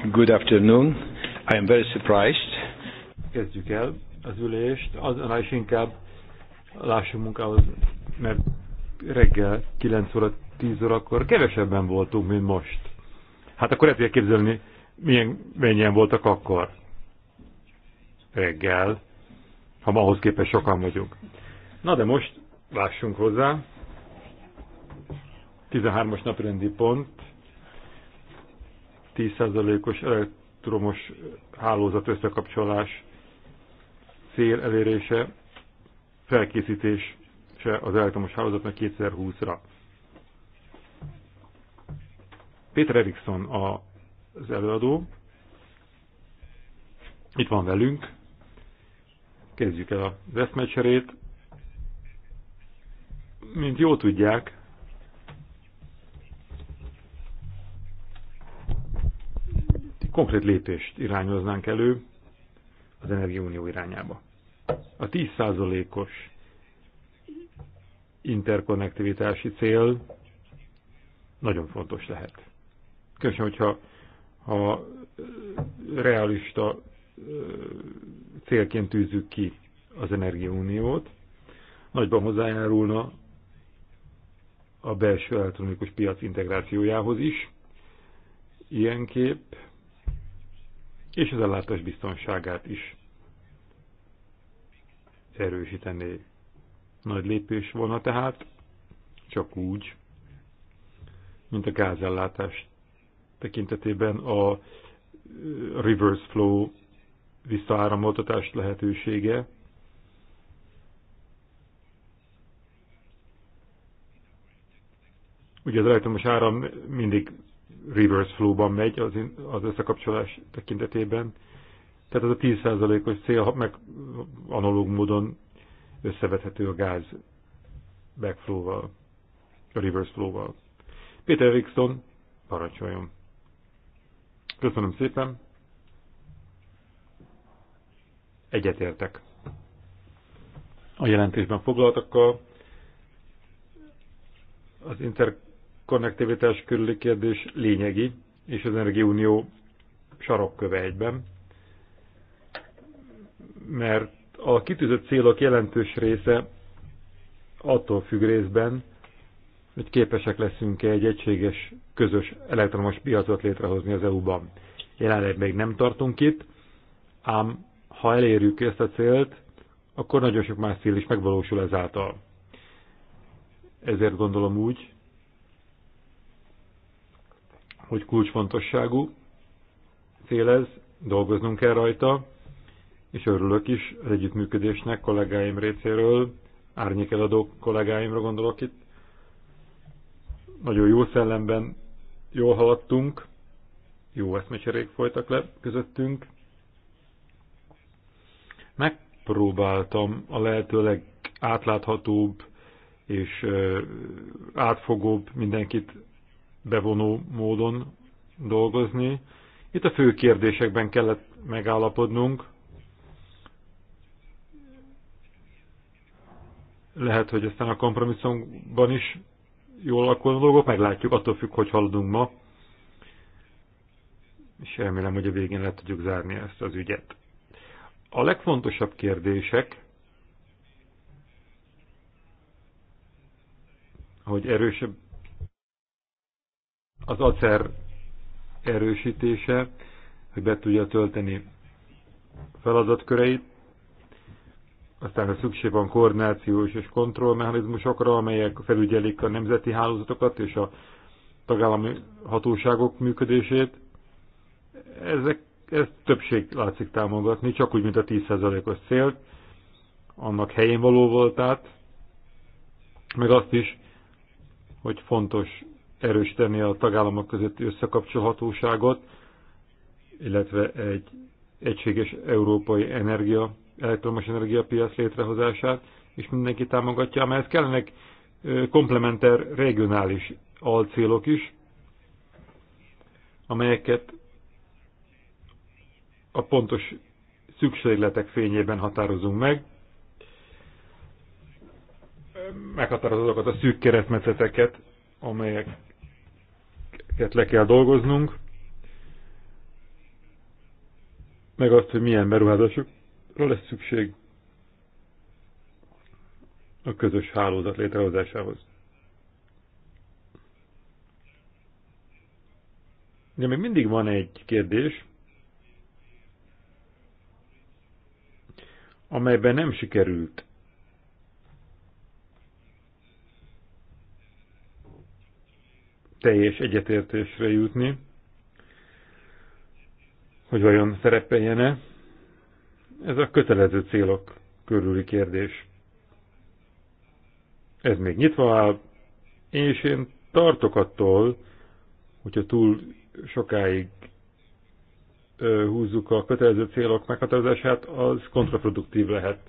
Good afternoon. I am very surprised. Kezdjük el az ülést, az is inkább lássunk munkához, mert reggel 9 óra, 10 órakor kevesebben voltunk, mint most. Hát akkor el képzelni, milyen, mennyien voltak akkor reggel, ha ma ahhoz képest sokan vagyunk. Na de most lássunk hozzá. 13-as naprendi pont, 10%-os elektromos hálózat összekapcsolás cél elérése, felkészítés se az elektromos hálózatnak 2020-ra. Péter Erikson az előadó. Itt van velünk. Kezdjük el a veszmecserét. Mint jó tudják, konkrét lépést irányoznánk elő az Energiaunió irányába. A 10%-os interkonnektivitási cél nagyon fontos lehet. Különösen, hogyha ha realista célként tűzzük ki az energiauniót, nagyban hozzájárulna a belső elektronikus piac integrációjához is. Ilyenképp és az ellátás biztonságát is erősíteni Nagy lépés volna tehát, csak úgy, mint a gázellátás tekintetében a reverse flow visszaáramoltatás lehetősége, ugye az elektromos áram mindig reverse flow-ban megy az, az összekapcsolás tekintetében. Tehát az a 10%-os cél meg analóg módon összevethető a gáz backflow-val, a reverse flow-val. Péter Eriksson, parancsoljon! Köszönöm szépen! Egyetértek. A jelentésben foglaltakkal az inter konnektivitás körüli kérdés lényegi, és az Energiaunió sarokköve egyben, mert a kitűzött célok jelentős része attól függ részben, hogy képesek leszünk-e egy egységes, közös elektromos piacot létrehozni az EU-ban. Jelenleg még nem tartunk itt, ám ha elérjük ezt a célt, akkor nagyon sok más cél is megvalósul ezáltal. Ezért gondolom úgy, hogy kulcsfontosságú cél ez, dolgoznunk kell rajta, és örülök is az együttműködésnek kollégáim részéről, árnyékeladó kollégáimra gondolok itt. Nagyon jó szellemben jól haladtunk, jó eszmecserék folytak le közöttünk. Megpróbáltam a lehető legátláthatóbb és átfogóbb mindenkit bevonó módon dolgozni. Itt a fő kérdésekben kellett megállapodnunk. Lehet, hogy aztán a kompromisszumban is jól a dolgok, meglátjuk, attól függ, hogy haladunk ma. És remélem, hogy a végén le tudjuk zárni ezt az ügyet. A legfontosabb kérdések, hogy erősebb az acer erősítése, hogy be tudja tölteni feladatköreit, aztán a szükség van koordinációs és kontrollmechanizmusokra, amelyek felügyelik a nemzeti hálózatokat és a tagállami hatóságok működését, ezek, ez többség látszik támogatni, csak úgy, mint a 10%-os célt, annak helyén való voltát, meg azt is, hogy fontos erősíteni a tagállamok közötti összekapcsolhatóságot, illetve egy egységes európai energia, elektromos energiapiac létrehozását, és mindenki támogatja, amelyhez kellenek komplementer regionális alcélok is, amelyeket a pontos szükségletek fényében határozunk meg, meghatározod azokat a szűk keresztmetszeteket, amelyek ezeket le kell dolgoznunk, meg azt, hogy milyen beruházásokra lesz szükség a közös hálózat létrehozásához. De még mindig van egy kérdés, amelyben nem sikerült teljes egyetértésre jutni, hogy vajon szerepeljen-e. Ez a kötelező célok körüli kérdés. Ez még nyitva áll, és én tartok attól, hogyha túl sokáig húzzuk a kötelező célok meghatározását, az kontraproduktív lehet.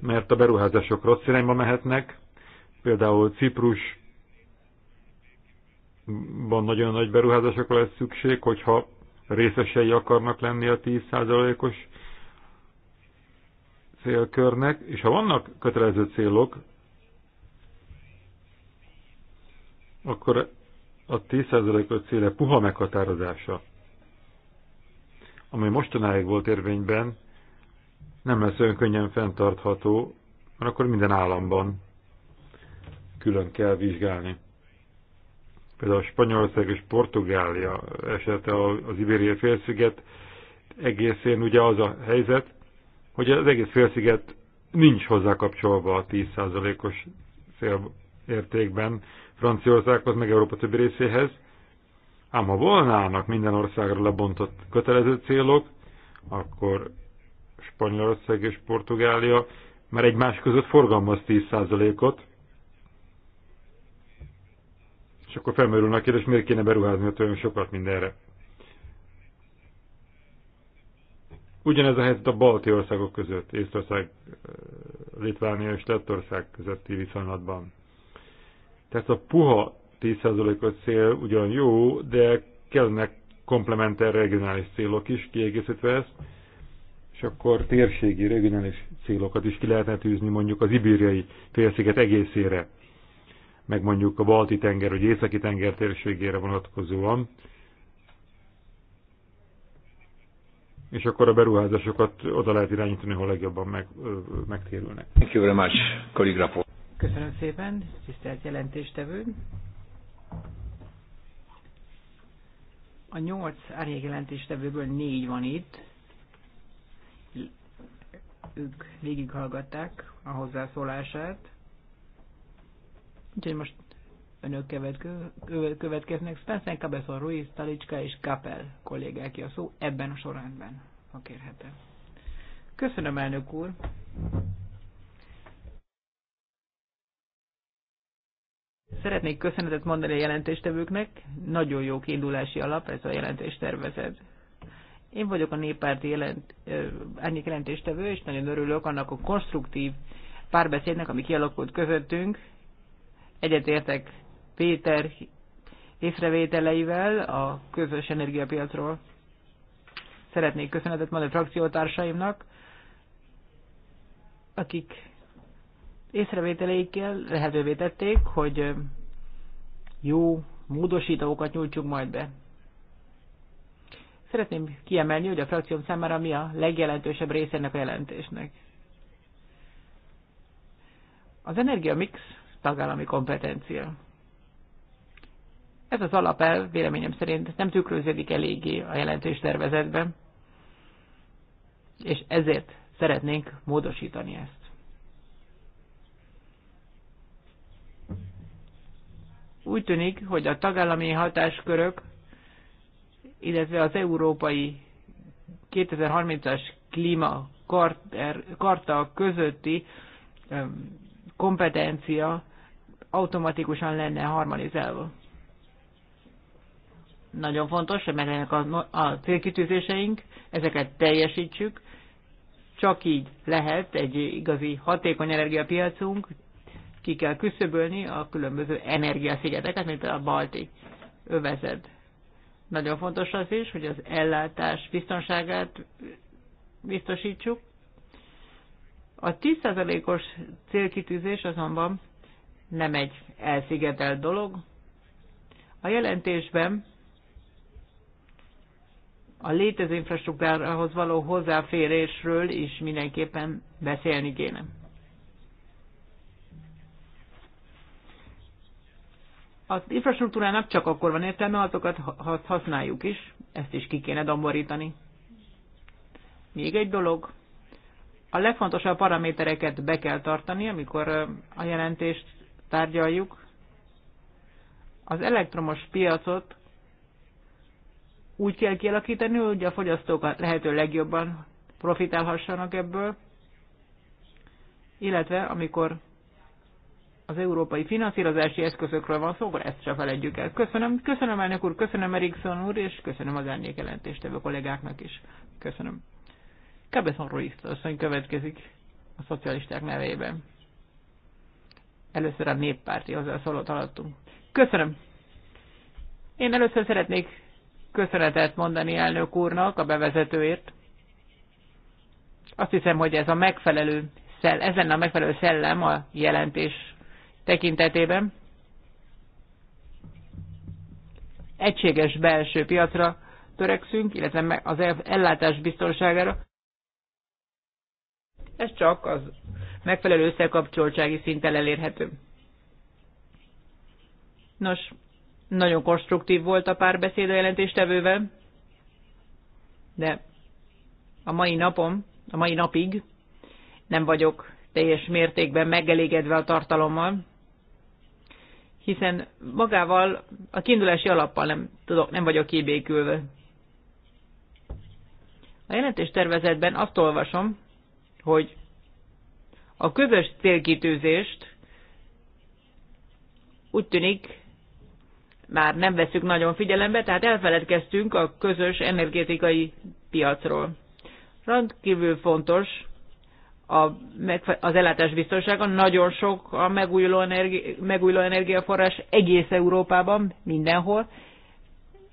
Mert a beruházások rossz irányba mehetnek, például Ciprus van nagyon nagy beruházásokra lesz szükség, hogyha részesei akarnak lenni a 10%-os célkörnek, és ha vannak kötelező célok, akkor a 10%-os céle puha meghatározása, ami mostanáig volt érvényben, nem lesz olyan könnyen fenntartható, mert akkor minden államban külön kell vizsgálni. Például Spanyolország és Portugália esete az Ibériai félsziget egészén ugye az a helyzet, hogy az egész félsziget nincs hozzá kapcsolva a 10%-os értékben Franciaországhoz, meg Európa többi részéhez, ám ha volnának minden országra lebontott kötelező célok, akkor Spanyolország és Portugália már egymás között forgalmaz 10%-ot, és akkor felmerülne a kérdés, miért kéne beruházni a olyan sokat mindenre. Ugyanez a helyzet a balti országok között, Észtország, eh, Litvánia és Lettország közötti viszonylatban. Tehát a puha 10%-os cél ugyan jó, de kellnek komplementer regionális célok is, kiegészítve ezt, és akkor térségi regionális célokat is ki lehetne tűzni mondjuk az ibériai félsziget egészére meg mondjuk a balti tenger vagy északi tenger térségére vonatkozóan. És akkor a beruházásokat oda lehet irányítani, hol legjobban meg, megtérülnek. Thank you very much, kaligrafó. Köszönöm szépen, tisztelt jelentéstevő. A nyolc jelentéstevőből négy van itt. Ők végighallgatták a hozzászólását. Úgyhogy most önök következnek. Spencer Cabezon Ruiz, Talicska és Kapel kollégák a szó ebben a sorrendben, ha kérhetem. Köszönöm, elnök úr! Szeretnék köszönetet mondani a jelentéstevőknek. Nagyon jó kiindulási alap ez a jelentéstervezet. Én vagyok a néppárti jelent, ennyi jelentéstevő, és nagyon örülök annak a konstruktív párbeszédnek, ami kialakult közöttünk, Egyetértek Péter észrevételeivel a közös energiapiacról. Szeretnék köszönetet mondani a frakciótársaimnak, akik észrevételeikkel lehetővé tették, hogy jó módosítókat nyújtsunk majd be. Szeretném kiemelni, hogy a frakcióm számára mi a legjelentősebb része ennek a jelentésnek. Az energiamix tagállami kompetencia. Ez az alapelv véleményem szerint nem tükröződik eléggé a jelentős tervezetben, és ezért szeretnénk módosítani ezt. Úgy tűnik, hogy a tagállami hatáskörök, illetve az európai 2030-as klíma er- karta közötti kompetencia automatikusan lenne harmonizálva. Nagyon fontos, hogy meglegyenek a, a célkitűzéseink, ezeket teljesítsük, csak így lehet egy igazi hatékony energiapiacunk, ki kell küszöbölni a különböző energiaszigeteket, mint a balti övezet. Nagyon fontos az is, hogy az ellátás biztonságát biztosítsuk. A 10%-os célkitűzés azonban nem egy elszigetelt dolog. A jelentésben a létező infrastruktúrához való hozzáférésről is mindenképpen beszélni kéne. Az infrastruktúrának csak akkor van értelme, azokat használjuk is, ezt is ki kéne domborítani. Még egy dolog, a legfontosabb paramétereket be kell tartani, amikor a jelentést tárgyaljuk. Az elektromos piacot úgy kell kialakítani, hogy a fogyasztók lehető legjobban profitálhassanak ebből, illetve amikor az európai finanszírozási eszközökről van szó, akkor ezt se feledjük el. Köszönöm, köszönöm elnök úr, köszönöm Erikson úr, és köszönöm az a kollégáknak is. Köszönöm. Cabezon Ruiz azt következik a szocialisták nevében. Először a néppárti hozzászólót hallottunk. Köszönöm. Én először szeretnék köszönetet mondani elnök úrnak a bevezetőért. Azt hiszem, hogy ez a megfelelő szell, ez lenne a megfelelő szellem a jelentés tekintetében. Egységes belső piacra törekszünk, illetve az ellátás biztonságára. Ez csak az megfelelő összekapcsoltsági szinttel elérhető. Nos, nagyon konstruktív volt a párbeszéd a jelentéstevővel, de a mai napom, a mai napig nem vagyok teljes mértékben megelégedve a tartalommal, hiszen magával a kiindulási alappal nem, tudok, nem vagyok kibékülve. A jelentés tervezetben azt olvasom, hogy a közös célkitűzést úgy tűnik már nem veszük nagyon figyelembe, tehát elfeledkeztünk a közös energetikai piacról. Rendkívül fontos a, az ellátás biztonsága, nagyon sok a megújuló, energi, megújuló energiaforrás egész Európában, mindenhol,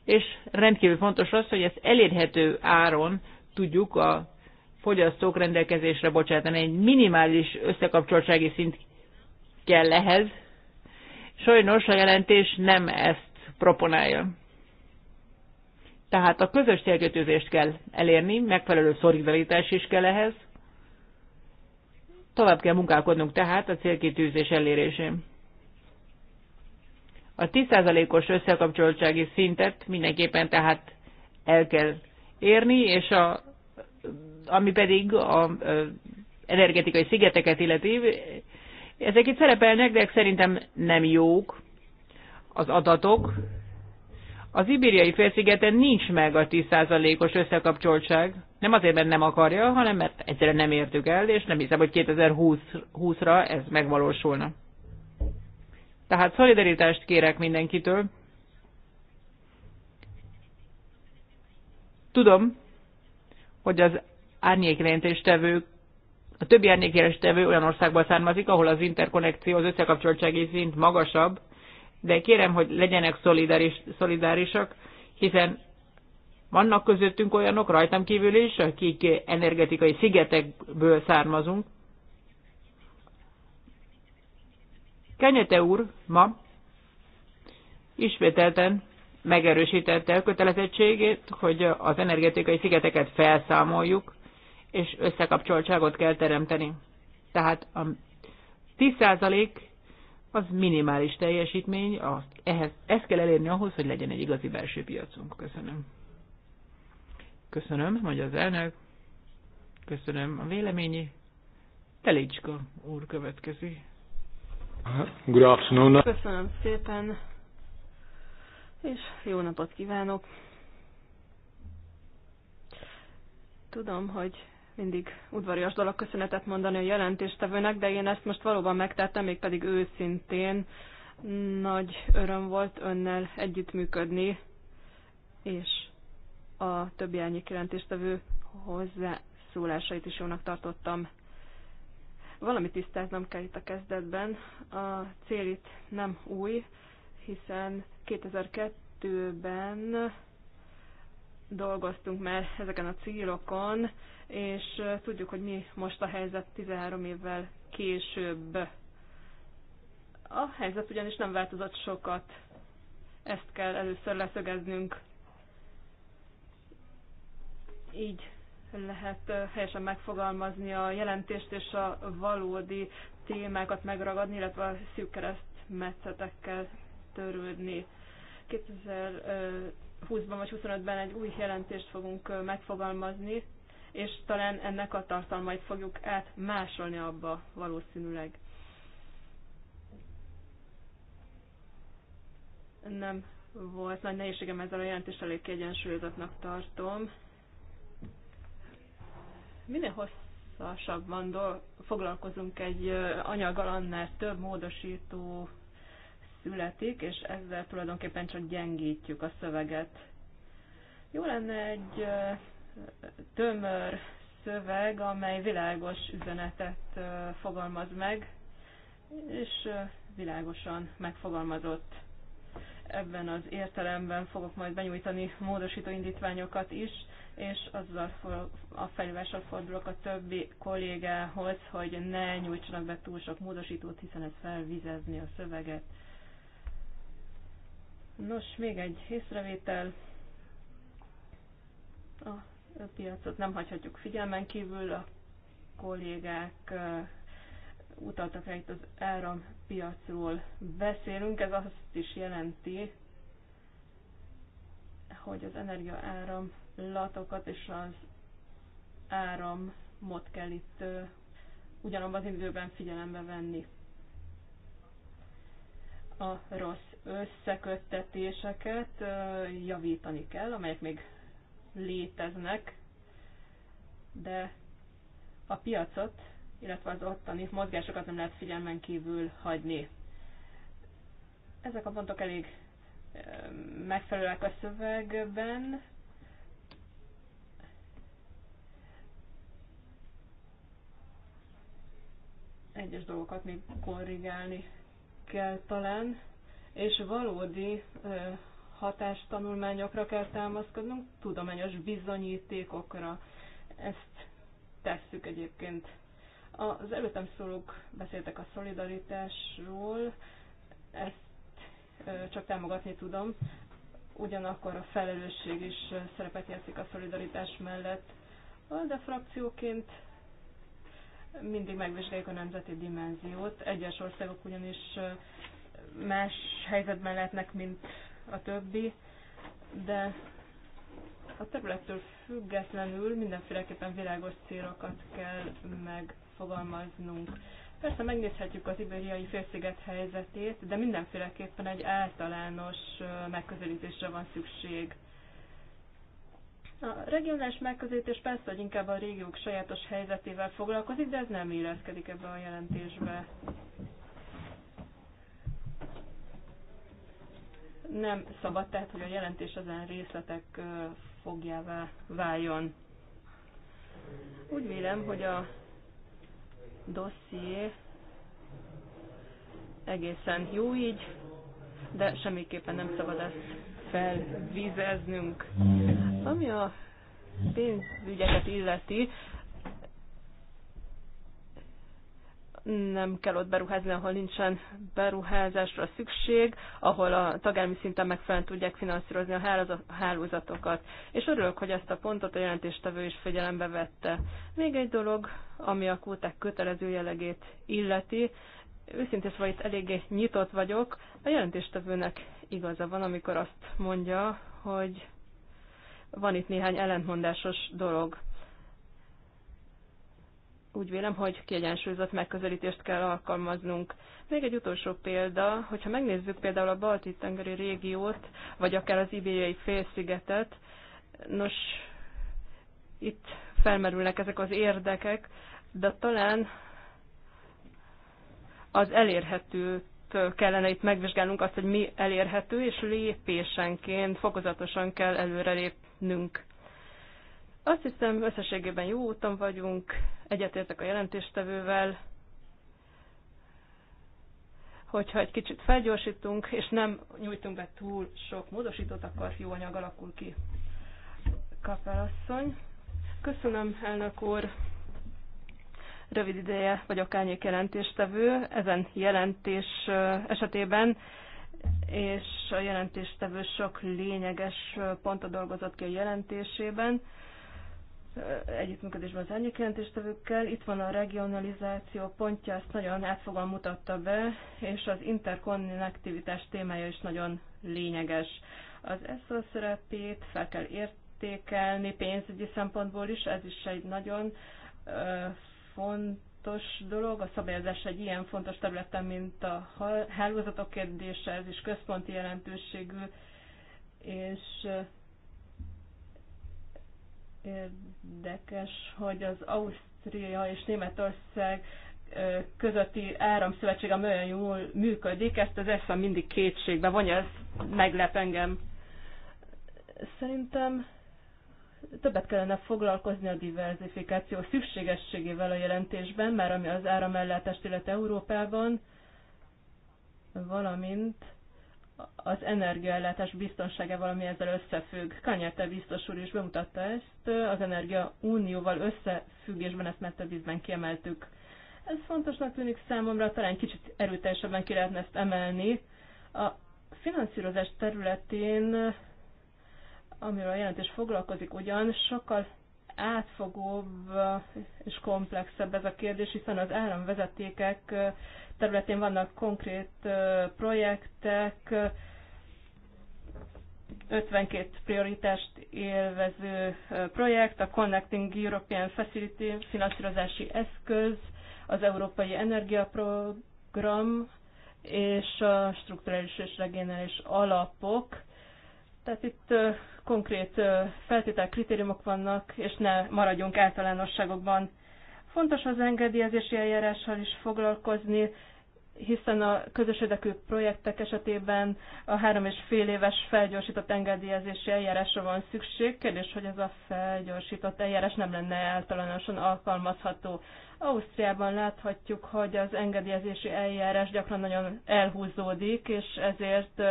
és rendkívül fontos az, hogy ezt elérhető áron tudjuk a fogyasztók rendelkezésre bocsátani. Egy minimális összekapcsoltsági szint kell ehhez. Sajnos a jelentés nem ezt proponálja. Tehát a közös célkötőzést kell elérni, megfelelő szolidaritás is kell ehhez. Tovább kell munkálkodnunk tehát a célkitűzés elérésén. A 10%-os összekapcsoltsági szintet mindenképpen tehát el kell érni, és a ami pedig a energetikai szigeteket illeti, ezek itt szerepelnek, de szerintem nem jók az adatok. Az ibériai félszigeten nincs meg a 10%-os összekapcsoltság. Nem azért, mert nem akarja, hanem mert egyszerűen nem értük el, és nem hiszem, hogy 2020-ra ez megvalósulna. Tehát szolidaritást kérek mindenkitől. Tudom, hogy az árnyékjelentéstevő, a többi árnyékjelentéstevő olyan országból származik, ahol az interkonnekció, az összekapcsoltsági szint magasabb, de kérem, hogy legyenek szolidáris, szolidárisak, hiszen vannak közöttünk olyanok, rajtam kívül is, akik energetikai szigetekből származunk. Kenyete úr ma ismételten megerősítette a kötelezettségét, hogy az energetikai szigeteket felszámoljuk és összekapcsoltságot kell teremteni. Tehát a 10% az minimális teljesítmény, az ehhez, ezt kell elérni ahhoz, hogy legyen egy igazi belső piacunk. Köszönöm. Köszönöm, hogy az elnök. Köszönöm a véleményi. Telicska úr következi. Köszönöm szépen, és jó napot kívánok. Tudom, hogy mindig udvarias dolog köszönetet mondani a jelentéstevőnek, de én ezt most valóban megtettem, mégpedig őszintén nagy öröm volt önnel együttműködni, és a többi elnyék jelentéstevő szólásait is jónak tartottam. Valamit tisztáznom kell itt a kezdetben. A cél itt nem új, hiszen 2002-ben dolgoztunk már ezeken a célokon, és tudjuk, hogy mi most a helyzet 13 évvel később. A helyzet ugyanis nem változott sokat. Ezt kell először leszögeznünk. Így lehet helyesen megfogalmazni a jelentést és a valódi témákat megragadni, illetve a szűk kereszt metszetekkel törődni. 2000 20-ban vagy 25-ben egy új jelentést fogunk megfogalmazni, és talán ennek a tartalmait fogjuk átmásolni abba valószínűleg. Nem volt nagy nehézségem ezzel a jelentést, elég kiegyensúlyozatnak tartom. Minél hosszasabban foglalkozunk egy anyaggal, annál több módosító születik, és ezzel tulajdonképpen csak gyengítjük a szöveget. Jó lenne egy tömör szöveg, amely világos üzenetet fogalmaz meg, és világosan megfogalmazott. Ebben az értelemben fogok majd benyújtani módosító indítványokat is, és azzal a felhívással fordulok a többi kollégához, hogy ne nyújtsanak be túl sok módosítót, hiszen ez felvizezni a szöveget. Nos, még egy észrevétel. A piacot nem hagyhatjuk figyelmen kívül. A kollégák utaltak rá itt az áram piacról beszélünk. Ez azt is jelenti, hogy az energia latokat és az áramot kell itt ugyanabban az időben figyelembe venni. A rossz összeköttetéseket javítani kell, amelyek még léteznek, de a piacot, illetve az ottani mozgásokat nem lehet figyelmen kívül hagyni. Ezek a pontok elég megfelelőek a szövegben. Egyes dolgokat még korrigálni kell talán és valódi hatástanulmányokra kell támaszkodnunk, tudományos bizonyítékokra. Ezt tesszük egyébként. Az előttem szólók beszéltek a szolidaritásról, ezt csak támogatni tudom, ugyanakkor a felelősség is szerepet játszik a szolidaritás mellett, de frakcióként mindig megvizsgáljuk a nemzeti dimenziót. Egyes országok ugyanis más helyzetben lehetnek, mint a többi, de a területtől függetlenül mindenféleképpen világos célokat kell megfogalmaznunk. Persze megnézhetjük az ibériai félsziget helyzetét, de mindenféleképpen egy általános megközelítésre van szükség. A regionális megközelítés persze, hogy inkább a régiók sajátos helyzetével foglalkozik, de ez nem illeszkedik ebbe a jelentésbe. Nem szabad tehát, hogy a jelentés ezen részletek fogjává váljon. Úgy vélem, hogy a dosszié egészen jó így, de semmiképpen nem szabad ezt felvizeznünk. Ami a pénzügyeket illeti, nem kell ott beruházni, ahol nincsen beruházásra szükség, ahol a tagállami szinten megfelelően tudják finanszírozni a hálózatokat. És örülök, hogy ezt a pontot a jelentéstevő is figyelembe vette. Még egy dolog, ami a kóták kötelező jellegét illeti, őszintén szóval itt eléggé nyitott vagyok. A jelentéstevőnek igaza van, amikor azt mondja, hogy van itt néhány ellentmondásos dolog úgy vélem, hogy kiegyensúlyozott megközelítést kell alkalmaznunk. Még egy utolsó példa, hogyha megnézzük például a Balti-tengeri régiót, vagy akár az ibériai félszigetet, nos, itt felmerülnek ezek az érdekek, de talán az elérhető kellene itt megvizsgálnunk azt, hogy mi elérhető, és lépésenként, fokozatosan kell előrelépnünk. Azt hiszem, összességében jó úton vagyunk, egyetértek a jelentéstevővel, hogyha egy kicsit felgyorsítunk, és nem nyújtunk be túl sok módosítót, akkor jó anyag alakul ki. Kapelasszony. Köszönöm, elnök úr. Rövid ideje vagyok árnyék jelentéstevő ezen jelentés esetében, és a jelentéstevő sok lényeges pontot dolgozott ki a jelentésében együttműködésben az árnyékjelentéstevőkkel. Itt van a regionalizáció pontja, ezt nagyon átfogóan mutatta be, és az interkonnektivitás témája is nagyon lényeges. Az ESZO szerepét fel kell értékelni pénzügyi szempontból is, ez is egy nagyon fontos dolog. A szabályozás egy ilyen fontos területen, mint a hálózatok kérdése, ez is központi jelentőségű, és Érdekes, hogy az Ausztria és Németország közötti áramszövetség, a nagyon jól működik, ezt az eszem mindig kétségbe vonja, ez meglep engem. Szerintem többet kellene foglalkozni a diversifikáció szükségességével a jelentésben, mert ami az áramellátást illet Európában, valamint az energiaellátás biztonsága valami ezzel összefügg. Kanyerte biztos úr is bemutatta ezt, az Energia Unióval összefüggésben ezt Metevizben kiemeltük. Ez fontosnak tűnik számomra, talán kicsit erőteljesebben ki lehetne ezt emelni. A finanszírozás területén, amiről a jelentés foglalkozik ugyan, sokkal átfogóbb és komplexebb ez a kérdés, hiszen az államvezetékek területén vannak konkrét projektek, 52 prioritást élvező projekt, a Connecting European Facility finanszírozási eszköz, az Európai Energiaprogram és a strukturális és regionális alapok. Tehát itt konkrét feltétel kritériumok vannak, és ne maradjunk általánosságokban. Fontos az engedélyezési eljárással is foglalkozni, hiszen a közös érdekű projektek esetében a három és fél éves felgyorsított engedélyezési eljárásra van szükség. Kérdés, hogy ez a felgyorsított eljárás nem lenne általánosan alkalmazható. Ausztriában láthatjuk, hogy az engedélyezési eljárás gyakran nagyon elhúzódik, és ezért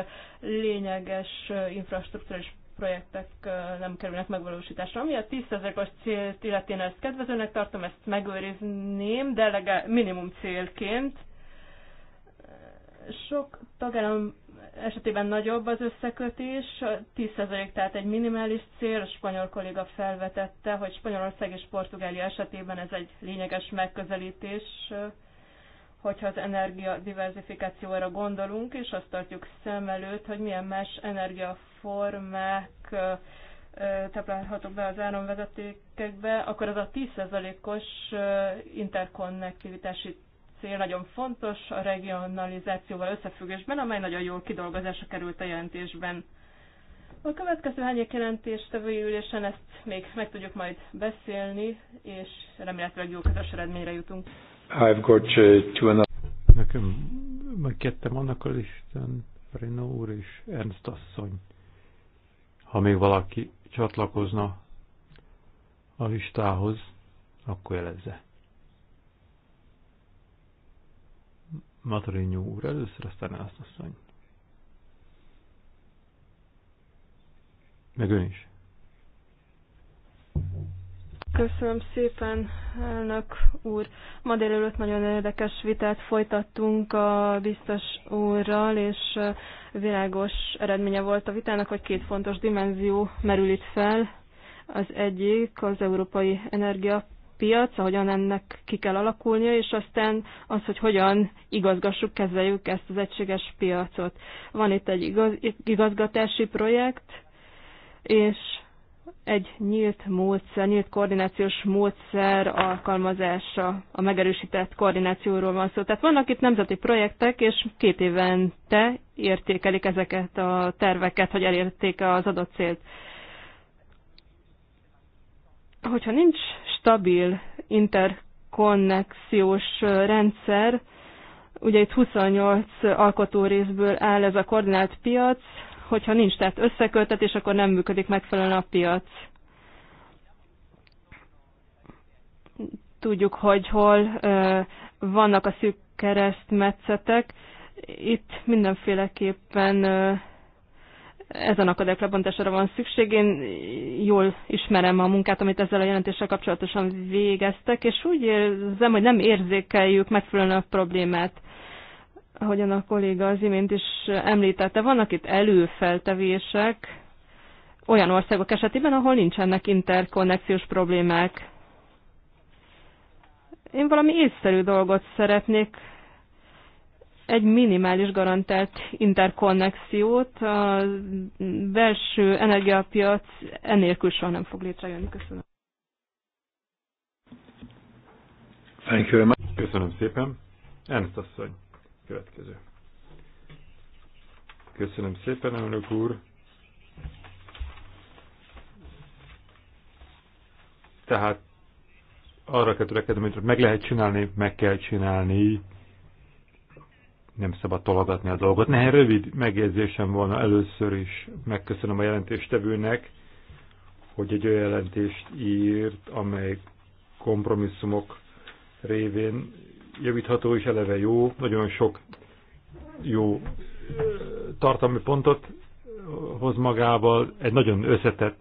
lényeges infrastruktúrális projektek nem kerülnek megvalósításra. Ami a 10%-os célt illetén ezt kedvezőnek tartom, ezt megőrizném, de legalább minimum célként. Sok tagállam esetében nagyobb az összekötés, 10% tehát egy minimális cél, a spanyol kolléga felvetette, hogy Spanyolország és Portugália esetében ez egy lényeges megközelítés hogyha az energia diversifikációra gondolunk, és azt tartjuk szem előtt, hogy milyen más energiaformák táplálhatók be az áramvezetékekbe, akkor az a 10%-os interkonnektivitási cél nagyon fontos a regionalizációval összefüggésben, amely nagyon jól kidolgozásra került a jelentésben. A következő hányék jelentéstevői ülésen ezt még meg tudjuk majd beszélni, és remélhetőleg jó közös eredményre jutunk. I've got uh, two and Nekem meg kettem vannak a listán, úr és Ernst asszony. Ha még valaki csatlakozna a listához, akkor jelezze. Matarinyó úr először, aztán Ernst asszony. Meg ön is. Köszönöm szépen, elnök úr. Ma délelőtt nagyon érdekes vitát folytattunk a biztos úrral, és világos eredménye volt a vitának, hogy két fontos dimenzió merül itt fel. Az egyik az európai energiapiac, ahogyan ennek ki kell alakulnia, és aztán az, hogy hogyan igazgassuk, kezeljük ezt az egységes piacot. Van itt egy igaz, igazgatási projekt, és egy nyílt módszer, nyílt koordinációs módszer alkalmazása, a megerősített koordinációról van szó. Tehát vannak itt nemzeti projektek, és két évente értékelik ezeket a terveket, hogy elérték az adott célt. Hogyha nincs stabil interkonnexiós rendszer, ugye itt 28 alkotó részből áll ez a koordinált piac, Hogyha nincs tehát összeköltetés, akkor nem működik megfelelően a piac. Tudjuk, hogy hol vannak a szűk keresztmetszetek. Itt mindenféleképpen ezen akadályok lebontására van szükség. Én jól ismerem a munkát, amit ezzel a jelentéssel kapcsolatosan végeztek, és úgy érzem, hogy nem érzékeljük megfelelően a problémát ahogyan a kolléga az imént is említette, vannak itt előfeltevések olyan országok esetében, ahol nincsenek interkonnekciós problémák. Én valami észszerű dolgot szeretnék, egy minimális garantált interkonnexiót. A belső energiapiac enélkül soha nem fog létrejönni. Köszönöm. Thank you very much. Köszönöm szépen. Ernst asszony következő. Köszönöm szépen, elnök úr. Tehát arra kell törekedni, hogy meg lehet csinálni, meg kell csinálni, nem szabad tologatni a dolgot. Nehéz rövid megjegyzésem volna először is. Megköszönöm a jelentéstevőnek, hogy egy olyan jelentést írt, amely kompromisszumok révén javítható és eleve jó, nagyon sok jó tartalmi pontot hoz magával, egy nagyon összetett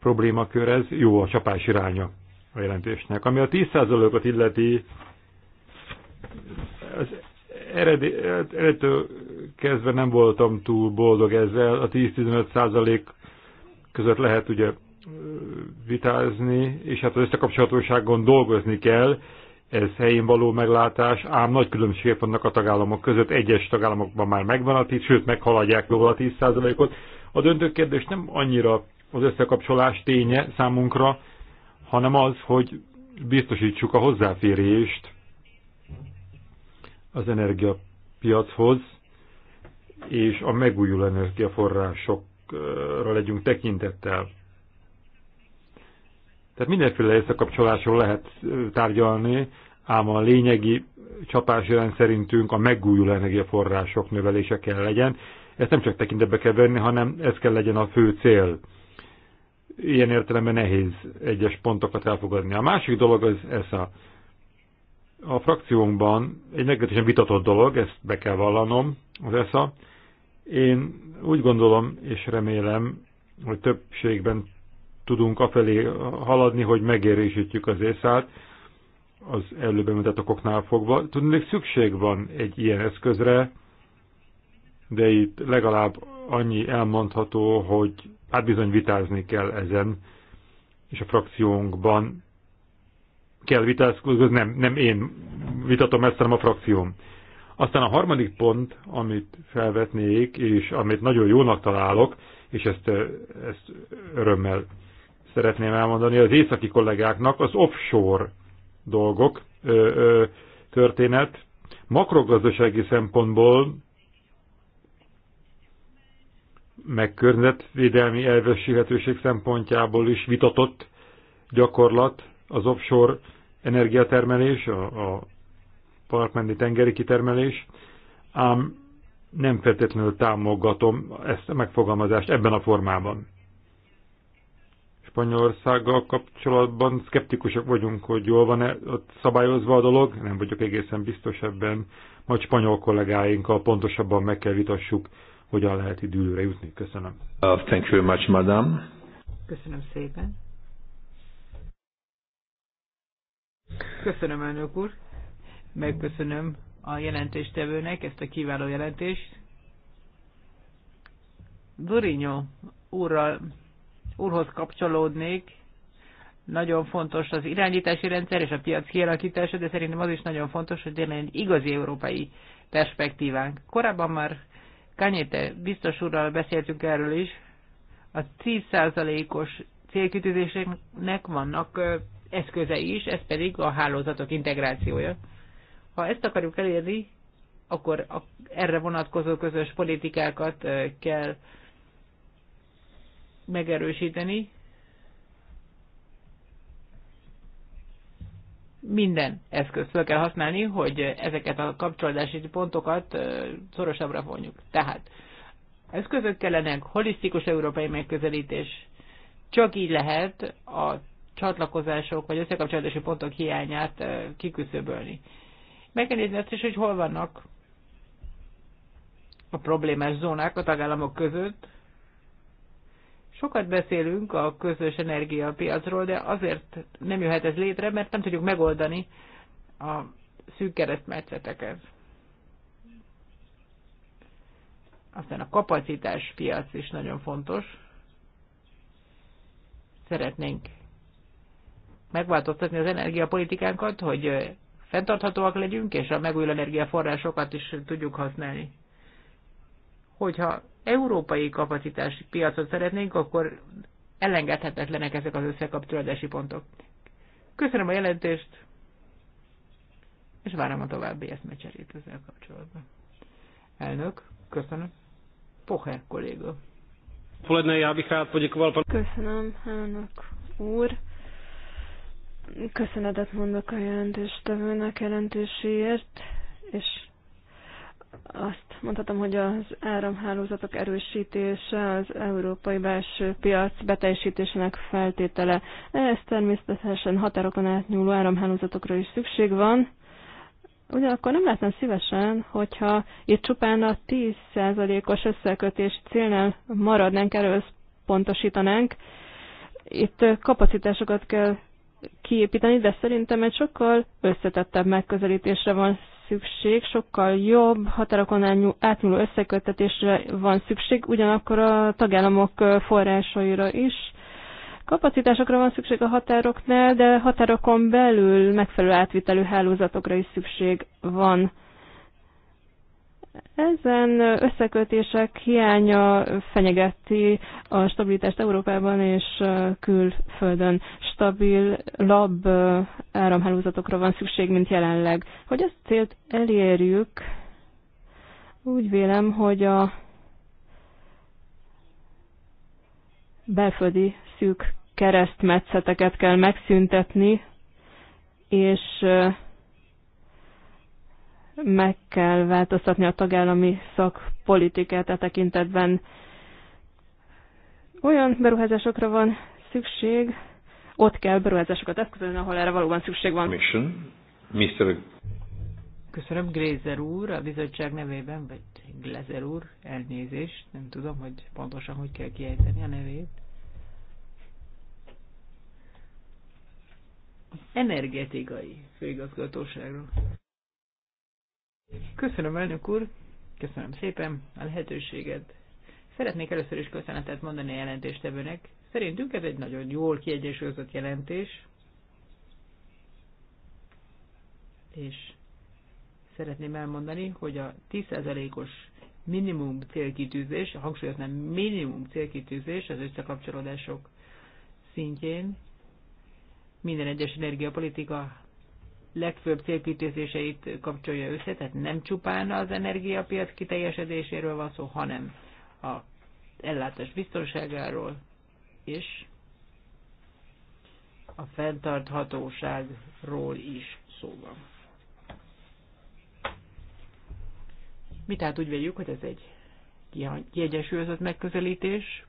problémakör ez, jó a csapás iránya a jelentésnek. Ami a 10%-ot illeti, az eredeti, eredetől kezdve nem voltam túl boldog ezzel, a 10-15% között lehet ugye vitázni, és hát az összekapcsolatóságon dolgozni kell, ez helyén való meglátás, ám nagy különbségek vannak a tagállamok között, egyes tagállamokban már megvan a tíz, sőt meghaladják jóval a 10%-ot. A döntő kérdés nem annyira az összekapcsolás ténye számunkra, hanem az, hogy biztosítsuk a hozzáférést az energiapiachoz, és a megújuló energiaforrásokra legyünk tekintettel. Tehát mindenféle összekapcsolásról lehet tárgyalni, ám a lényegi csapás jelen szerintünk a megújuló energiaforrások növelése kell legyen. Ezt nem csak tekintetbe kell venni, hanem ez kell legyen a fő cél. Ilyen értelemben nehéz egyes pontokat elfogadni. A másik dolog az ez a, a frakciónkban egy meglehetősen vitatott dolog, ezt be kell vallanom, az ESA. Én úgy gondolom és remélem, hogy többségben tudunk afelé haladni, hogy megérésítjük az észát, az előbb említett okoknál fogva. Tudnék, szükség van egy ilyen eszközre, de itt legalább annyi elmondható, hogy hát bizony vitázni kell ezen, és a frakciónkban kell vitázni, nem, nem én vitatom ezt, hanem a frakcióm. Aztán a harmadik pont, amit felvetnék, és amit nagyon jónak találok, és ezt, ezt örömmel szeretném elmondani az északi kollégáknak, az offshore dolgok ö, ö, történet. Makrogazdasági szempontból meg környezetvédelmi elvesülhetőség szempontjából is vitatott gyakorlat az offshore energiatermelés, a, a parkmenti tengeri kitermelés, ám nem feltétlenül támogatom ezt a megfogalmazást ebben a formában. Spanyolországgal kapcsolatban szkeptikusak vagyunk, hogy jól van-e ott szabályozva a dolog, nem vagyok egészen biztos ebben. Majd spanyol kollégáinkkal pontosabban meg kell vitassuk, hogyan lehet időre jutni. Köszönöm. Uh, thank you very much, madam. Köszönöm szépen. Köszönöm, elnök úr. Megköszönöm a jelentéstevőnek ezt a kiváló jelentést. Durinyó úrral úrhoz kapcsolódnék. Nagyon fontos az irányítási rendszer és a piac kialakítása, de szerintem az is nagyon fontos, hogy legyen egy igazi európai perspektívánk. Korábban már Kanyete biztos úrral beszéltünk erről is, a 10%-os célkütőzéseknek vannak eszközei is, ez pedig a hálózatok integrációja. Ha ezt akarjuk elérni, akkor erre vonatkozó közös politikákat kell megerősíteni. Minden eszközt fel kell használni, hogy ezeket a kapcsolódási pontokat szorosabbra vonjuk. Tehát eszközök kellenek, holisztikus európai megközelítés. Csak így lehet a csatlakozások vagy összekapcsolódási pontok hiányát kiküszöbölni. Meg kell nézni azt is, hogy hol vannak a problémás zónák a tagállamok között, Sokat beszélünk a közös energiapiacról, de azért nem jöhet ez létre, mert nem tudjuk megoldani a szűk keresztmetszeteket. Aztán a kapacitás piac is nagyon fontos. Szeretnénk megváltoztatni az energiapolitikánkat, hogy fenntarthatóak legyünk, és a megújuló energiaforrásokat is tudjuk használni hogyha európai kapacitási piacot szeretnénk, akkor elengedhetetlenek ezek az összekapcsolódási pontok. Köszönöm a jelentést, és várom a további eszmecserét ezzel kapcsolatban. Elnök, köszönöm. Poher kolléga. Poledne, já bych rád poděkoval pan... Köszönöm, elnök úr. Köszönetet mondok a jelentéstevőnek jelentéséért, és azt mondhatom, hogy az áramhálózatok erősítése az európai belső piac beteljesítésének feltétele. Ez természetesen határokon átnyúló áramhálózatokra is szükség van. Ugyanakkor nem látnám szívesen, hogyha itt csupán a 10%-os összekötés célnál maradnánk, erről pontosítanánk. Itt kapacitásokat kell kiépíteni, de szerintem egy sokkal összetettebb megközelítésre van szükség, sokkal jobb határokon átnyúló összeköttetésre van szükség, ugyanakkor a tagállamok forrásaira is. Kapacitásokra van szükség a határoknál, de határokon belül megfelelő átvitelő hálózatokra is szükség van. Ezen összekötések hiánya fenyegeti a stabilitást Európában és külföldön. Stabil, lab áramhálózatokra van szükség, mint jelenleg. Hogy ezt célt elérjük, úgy vélem, hogy a belföldi szűk keresztmetszeteket kell megszüntetni, és meg kell változtatni a tagállami szakpolitikát a e tekintetben. Olyan beruházásokra van szükség, ott kell beruházásokat eszközölni, ahol erre valóban szükség van. Mission. Mr. Köszönöm, Grézer úr, a bizottság nevében, vagy Glezer úr, elnézést, nem tudom, hogy pontosan hogy kell kiejteni a nevét. Energetikai főigazgatóságról. Köszönöm, elnök úr. Köszönöm szépen a lehetőséget. Szeretnék először is köszönetet mondani a jelentéstevőnek. Szerintünk ez egy nagyon jól kiegyensúlyozott jelentés. És szeretném elmondani, hogy a 10%-os minimum célkitűzés, a hangsúlyoznám minimum célkitűzés az összekapcsolódások szintjén minden egyes energiapolitika legfőbb célkitűzéseit kapcsolja össze, tehát nem csupán az energiapiac kiteljesedéséről van szó, hanem a ellátás biztonságáról és a fenntarthatóságról is szó van. Mi tehát úgy véljük, hogy ez egy kiegyensúlyozott megközelítés,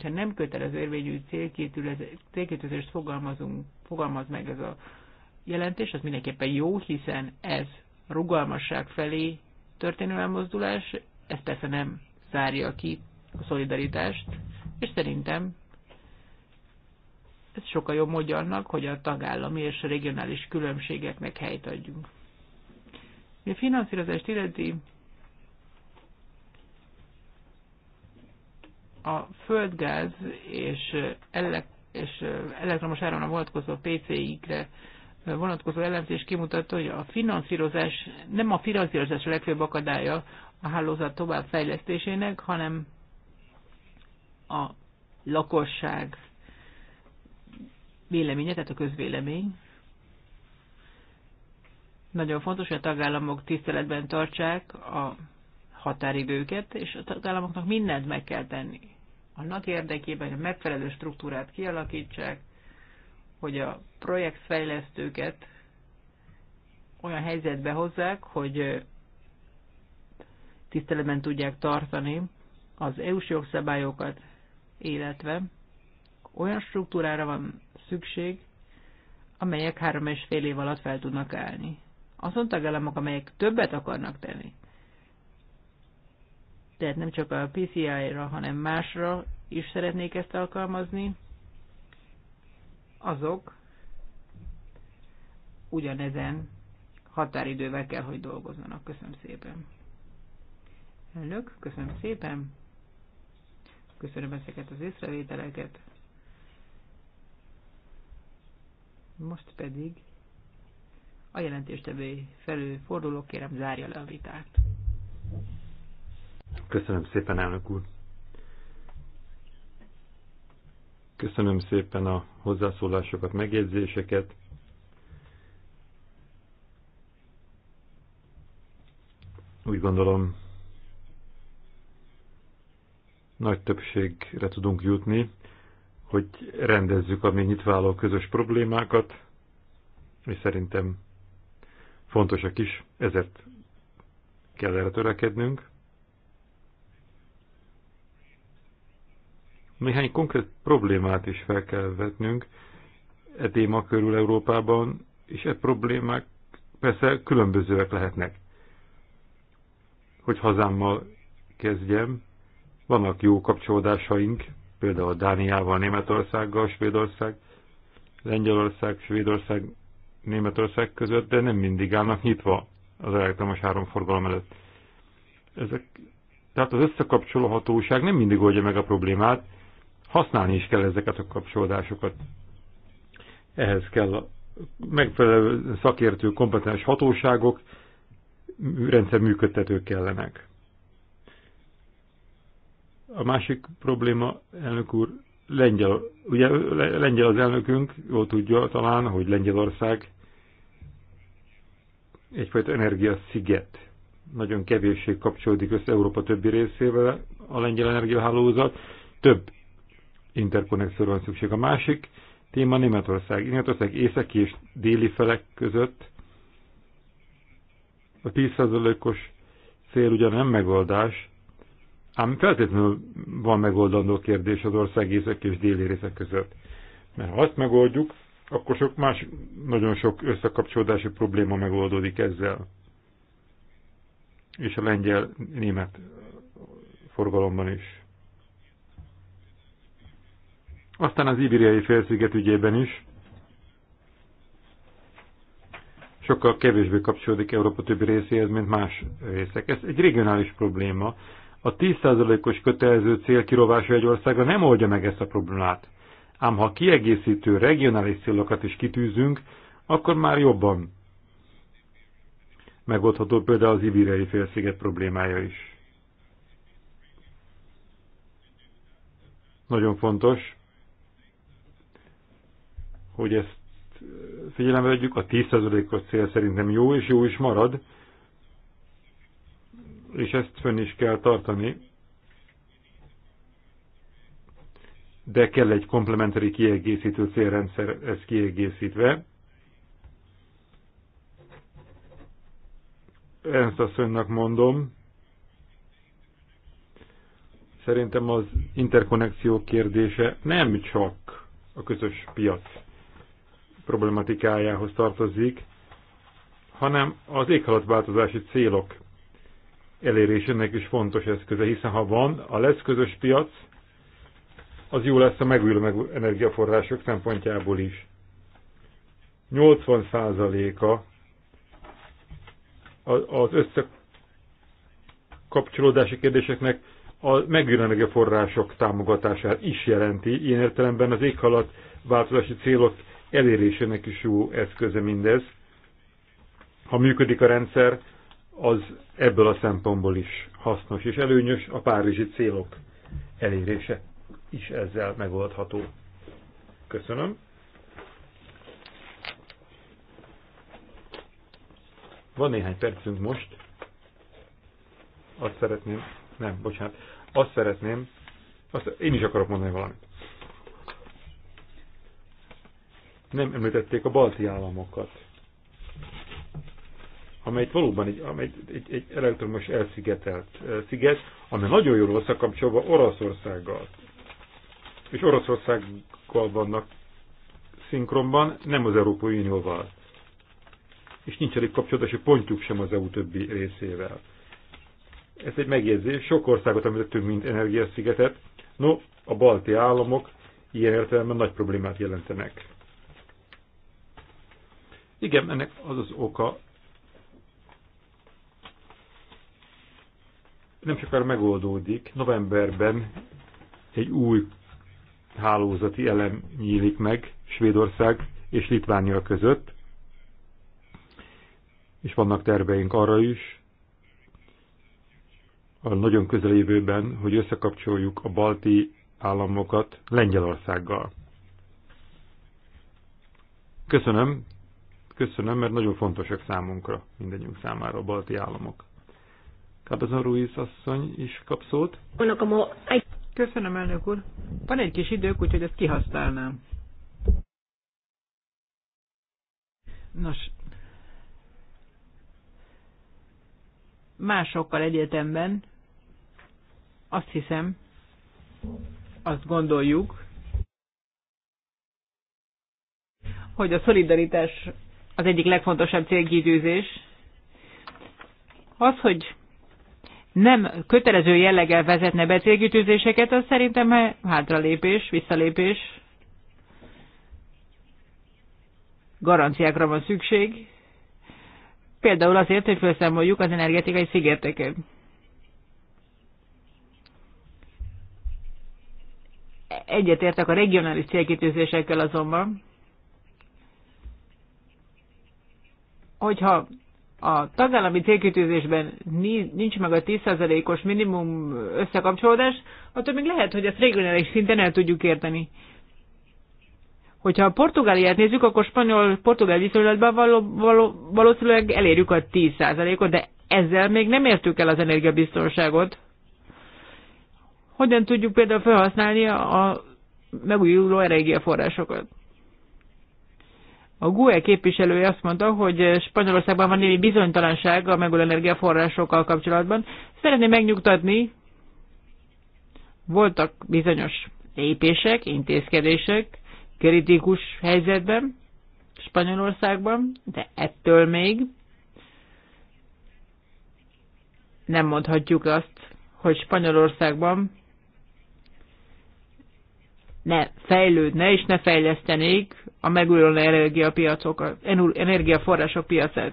hogyha nem kötelező érvényű célkitűzést fogalmazunk, fogalmaz meg ez a jelentés, az mindenképpen jó, hiszen ez rugalmasság felé történő elmozdulás, ez persze nem zárja ki a szolidaritást, és szerintem ez sokkal jobb módja annak, hogy a tagállami és a regionális különbségeknek helyt adjunk. Mi a finanszírozást illeti, a földgáz és, ele- és elektromos áramra vonatkozó PCI-kre vonatkozó elemzés kimutatta, hogy a finanszírozás nem a finanszírozás a legfőbb akadálya a hálózat továbbfejlesztésének, hanem a lakosság véleménye, tehát a közvélemény. Nagyon fontos, hogy a tagállamok tiszteletben tartsák a határidőket, és a tagállamoknak mindent meg kell tenni annak érdekében, hogy a megfelelő struktúrát kialakítsák, hogy a projektfejlesztőket olyan helyzetbe hozzák, hogy tiszteletben tudják tartani az EU-s jogszabályokat, illetve olyan struktúrára van szükség, amelyek három és fél év alatt fel tudnak állni. Azon tagállamok, amelyek többet akarnak tenni, tehát nem csak a PCI-ra, hanem másra is szeretnék ezt alkalmazni, azok ugyanezen határidővel kell, hogy dolgozzanak. Köszönöm szépen. Elnök, köszönöm szépen. Köszönöm ezeket az észrevételeket. Most pedig a jelentéstevő felül fordulok, kérem zárja le a vitát. Köszönöm szépen, elnök úr. Köszönöm szépen a hozzászólásokat, megjegyzéseket. Úgy gondolom, nagy többségre tudunk jutni, hogy rendezzük a még nyitváló közös problémákat, és szerintem fontosak is, ezért kell erre törekednünk. Néhány konkrét problémát is fel kell vetnünk e téma körül Európában, és e problémák persze különbözőek lehetnek. Hogy hazámmal kezdjem, vannak jó kapcsolódásaink, például Dániával, Németországgal, Svédország, Lengyelország, Svédország, Németország között, de nem mindig állnak nyitva az elektromos áramforgalom előtt. Ezek, tehát az összekapcsolhatóság nem mindig oldja meg a problémát, használni is kell ezeket a kapcsolódásokat. Ehhez kell a megfelelő szakértő, kompetens hatóságok, rendszerműködtetők kellenek. A másik probléma, elnök úr, lengyel, ugye lengyel az elnökünk, jól tudja talán, hogy Lengyelország egyfajta energiasziget. Nagyon kevéssé kapcsolódik össze Európa többi részével a lengyel energiahálózat. Több interkonnekcióra van szükség. A másik téma Németország. Németország északi és déli felek között a 10%-os cél ugyan nem megoldás, ám feltétlenül van megoldandó kérdés az ország északi és déli részek között. Mert ha azt megoldjuk, akkor sok más, nagyon sok összekapcsolódási probléma megoldódik ezzel. És a lengyel-német forgalomban is. Aztán az ibériai félsziget ügyében is sokkal kevésbé kapcsolódik Európa többi részéhez, mint más részek. Ez egy regionális probléma. A 10%-os kötelező cél kirovása egy országra nem oldja meg ezt a problémát. Ám ha kiegészítő regionális célokat is kitűzünk, akkor már jobban megoldható például az ibériai félsziget problémája is. Nagyon fontos, hogy ezt figyelembe vegyük, a 10%-os cél szerintem jó, és jó is marad, és ezt fönn is kell tartani, de kell egy komplementari kiegészítő célrendszer ez kiegészítve. a szönnek mondom, szerintem az interkonnekció kérdése nem csak a közös piac problematikájához tartozik, hanem az éghajlatváltozási célok elérésének is fontos eszköze, hiszen ha van, a lesz közös piac, az jó lesz a megújuló energiaforrások szempontjából is. 80%-a az összekapcsolódási kérdéseknek a megújuló energiaforrások támogatását is jelenti. Ilyen értelemben az éghalat változási célok elérésének is jó eszköze mindez. Ha működik a rendszer, az ebből a szempontból is hasznos és előnyös, a párizsi célok elérése is ezzel megoldható. Köszönöm. Van néhány percünk most. Azt szeretném, nem, bocsánat, azt szeretném, azt, én is akarok mondani valamit. nem említették a balti államokat, amely valóban egy, amely egy, egy elektromos elszigetelt eh, sziget, amely nagyon jól összekapcsolva Oroszországgal. És Oroszországgal vannak szinkronban, nem az Európai Unióval. És nincs elég kapcsolatási pontjuk sem az EU többi részével. Ez egy megjegyzés, sok országot említettünk, mint energiaszigetet. No, a balti államok ilyen értelemben nagy problémát jelentenek. Igen, ennek az az oka, nem sokára megoldódik. Novemberben egy új hálózati elem nyílik meg Svédország és Litvánia között, és vannak terveink arra is, a nagyon közeljövőben, hogy összekapcsoljuk a balti államokat Lengyelországgal. Köszönöm, köszönöm, mert nagyon fontosak számunkra, mindegyünk számára a balti államok. Cabezon Ruiz asszony is kap szót. Köszönöm, elnök úr. Van egy kis idők, úgyhogy ezt kihasználnám. Nos, másokkal egyetemben azt hiszem, azt gondoljuk, hogy a szolidaritás az egyik legfontosabb célkitűzés. Az, hogy nem kötelező jelleggel vezetne be célkitűzéseket, az szerintem hátralépés, visszalépés. Garanciákra van szükség. Például azért, hogy felszámoljuk az energetikai szigeteket. Egyetértek a regionális célkitűzésekkel azonban. hogyha a tagállami célkitűzésben nincs meg a 10%-os minimum összekapcsolódás, attól még lehet, hogy ezt regionális szinten el tudjuk érteni. Hogyha a Portugáliát nézzük, akkor spanyol-portugál viszonylatban való, való, valószínűleg elérjük a 10%-ot, de ezzel még nem értük el az energiabiztonságot. Hogyan tudjuk például felhasználni a megújuló energiaforrásokat? A GUE képviselője azt mondta, hogy Spanyolországban van némi bizonytalanság a megújuló energiaforrásokkal kapcsolatban. Szeretném megnyugtatni, voltak bizonyos lépések, intézkedések kritikus helyzetben, Spanyolországban, de ettől még nem mondhatjuk azt, hogy Spanyolországban ne fejlődne és ne fejlesztenék a megújuló a energiaforrások piacát.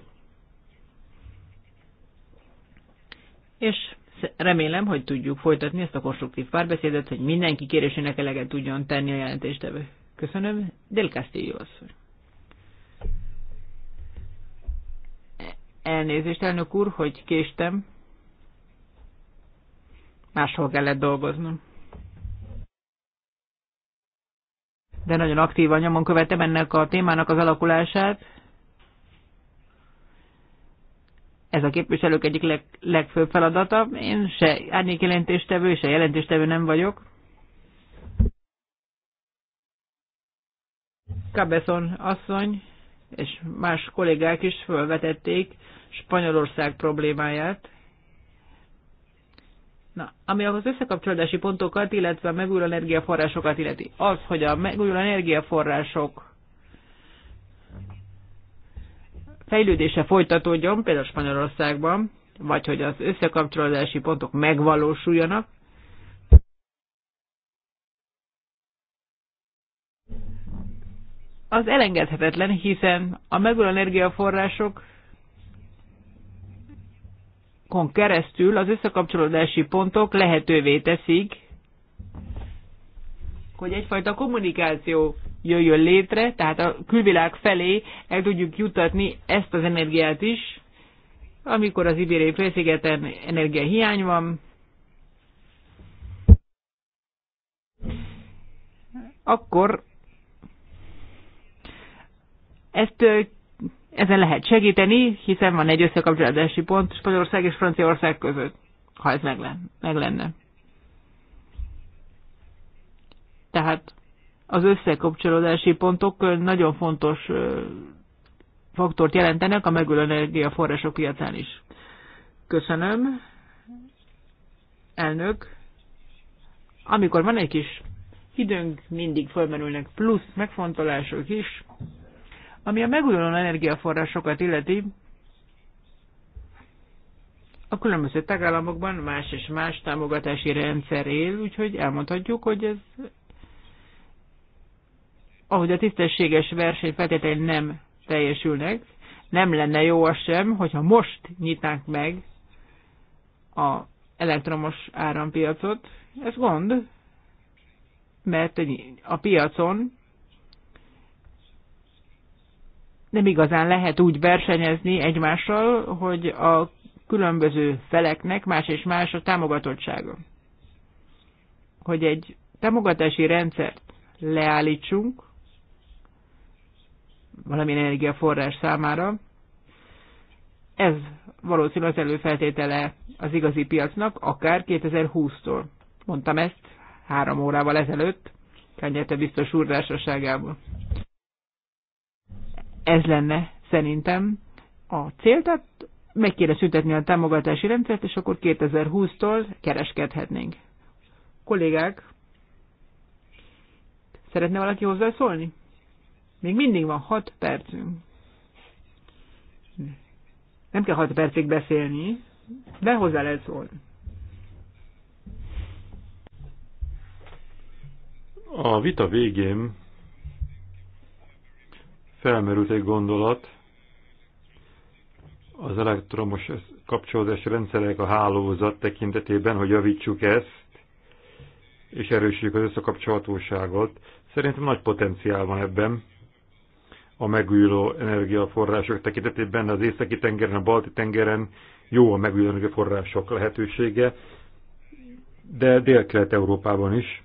És remélem, hogy tudjuk folytatni ezt a konstruktív párbeszédet, hogy mindenki kérésének eleget tudjon tenni a jelentést. Köszönöm. Del Castillo asszony. Elnézést, elnök úr, hogy késtem. Máshol kellett dolgoznom. de nagyon aktívan nyomon követem ennek a témának az alakulását. Ez a képviselők egyik leg, legfőbb feladata. Én se árnyék jelentéstevő, se jelentéstevő nem vagyok. Cabezon asszony és más kollégák is felvetették Spanyolország problémáját. Na, ami az összekapcsolódási pontokat, illetve a megújuló energiaforrásokat illeti. Az, hogy a megújuló energiaforrások fejlődése folytatódjon, például Spanyolországban, vagy hogy az összekapcsolódási pontok megvalósuljanak, az elengedhetetlen, hiszen a megújuló energiaforrások kon keresztül az összekapcsolódási pontok lehetővé teszik, hogy egyfajta kommunikáció jöjjön létre, tehát a külvilág felé el tudjuk jutatni ezt az energiát is, amikor az Ibériai félszigeten energiahiány van, akkor ezt ezen lehet segíteni, hiszen van egy összekapcsolódási pont Spanyolország és Franciaország között, ha ez meg lenne. Meg lenne. Tehát az összekapcsolódási pontok nagyon fontos faktort jelentenek a megülő energiaforrások piacán is. Köszönöm, elnök. Amikor van egy kis időnk, mindig felmerülnek plusz megfontolások is. Ami a megújuló energiaforrásokat illeti, a különböző tagállamokban más és más támogatási rendszer él, úgyhogy elmondhatjuk, hogy ez, ahogy a tisztességes verseny feltétlenül nem teljesülnek, nem lenne jó az sem, hogyha most nyitnánk meg a elektromos árampiacot. Ez gond, mert a piacon nem igazán lehet úgy versenyezni egymással, hogy a különböző feleknek más és más a támogatottsága. Hogy egy támogatási rendszert leállítsunk valamilyen energiaforrás számára, ez valószínűleg az előfeltétele az igazi piacnak, akár 2020-tól. Mondtam ezt három órával ezelőtt, Kanyete biztos úr ez lenne szerintem a cél, tehát meg kéne szüntetni a támogatási rendszert, és akkor 2020-tól kereskedhetnénk. Kollégák, szeretne valaki hozzászólni? Még mindig van 6 percünk. Nem kell 6 percig beszélni, de hozzá lehet szólni. A vita végén felmerült egy gondolat, az elektromos kapcsolódási rendszerek a hálózat tekintetében, hogy javítsuk ezt, és erősítsük az összekapcsolhatóságot. Szerintem nagy potenciál van ebben a megújuló energiaforrások tekintetében, az északi tengeren, a balti tengeren jó a megújuló energiaforrások lehetősége, de Dél-Kelet-Európában is,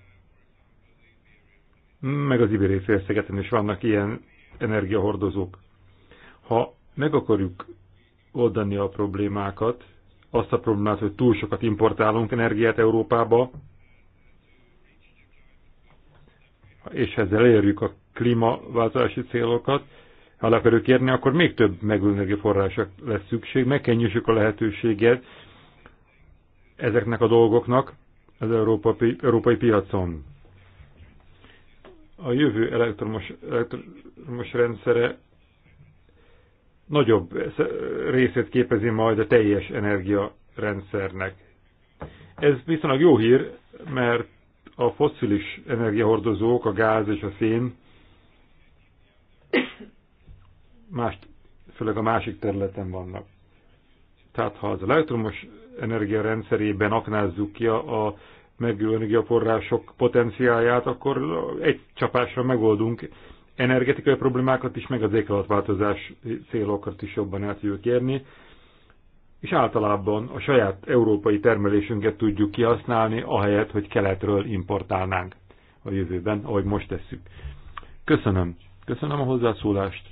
meg az ibéri félszegeten is vannak ilyen energiahordozók. Ha meg akarjuk oldani a problémákat, azt a problémát, hogy túl sokat importálunk energiát Európába, és ezzel elérjük a klímaváltozási célokat, ha le akarjuk érni, akkor még több megújuló forrásra lesz szükség, megkenjessük a lehetőséget ezeknek a dolgoknak az európai, európai piacon a jövő elektromos, elektromos rendszere nagyobb részét képezi majd a teljes energiarendszernek. Ez viszonylag jó hír, mert a foszilis energiahordozók, a gáz és a szén, más, főleg a másik területen vannak. Tehát ha az elektromos energia aknázzuk ki a, a megülő energiaforrások potenciáját, akkor egy csapásra megoldunk energetikai problémákat is, meg az éghajlatváltozás célokat is jobban el tudjuk érni, és általában a saját európai termelésünket tudjuk kihasználni, ahelyett, hogy keletről importálnánk a jövőben, ahogy most tesszük. Köszönöm. Köszönöm a hozzászólást.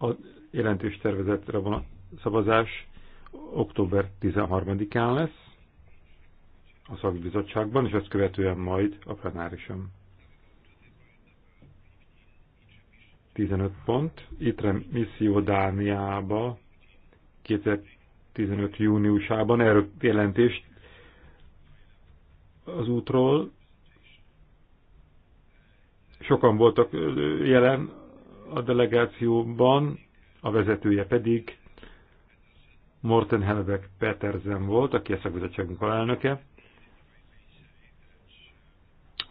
A jelentős tervezetre van a szavazás október 13-án lesz a szakbizottságban, és ezt követően majd a plenárisan. 15 pont. Itre misszió Dániába 2015 júniusában erről jelentést az útról. Sokan voltak jelen a delegációban, a vezetője pedig Morten Helvek Petersen volt, aki a szakbizottságunk alelnöke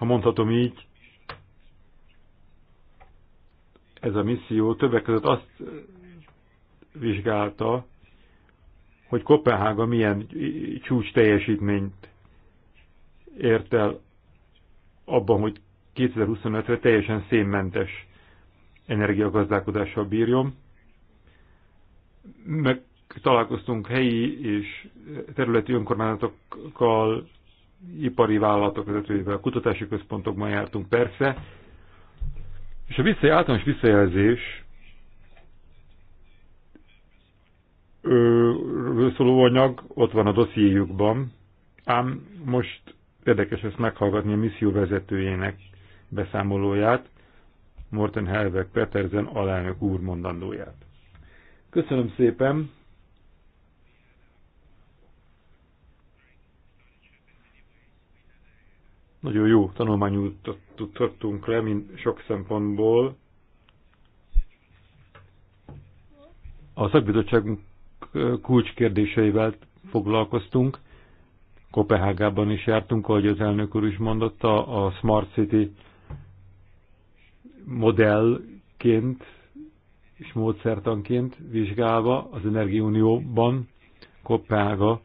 ha mondhatom így, ez a misszió többek között azt vizsgálta, hogy Kopenhága milyen csúcs teljesítményt ért el abban, hogy 2025-re teljesen szénmentes energiagazdálkodással bírjon. Meg találkoztunk helyi és területi önkormányzatokkal, ipari vállalatok vezetőivel, kutatási központokban jártunk persze, és a visszajel, általános visszajelzés ről szóló anyag ott van a dossziéjukban, ám most érdekes ezt meghallgatni a misszió vezetőjének beszámolóját, Morten Helveg Petersen alelnök úr mondandóját. Köszönöm szépen! Nagyon jó tanulmányút tudhattunk le, mint sok szempontból. A szakbizottság kulcskérdéseivel foglalkoztunk, Kopenhágában is jártunk, ahogy az elnök úr is mondotta, a Smart City modellként és módszertanként vizsgálva az Energiaunióban Kopenhága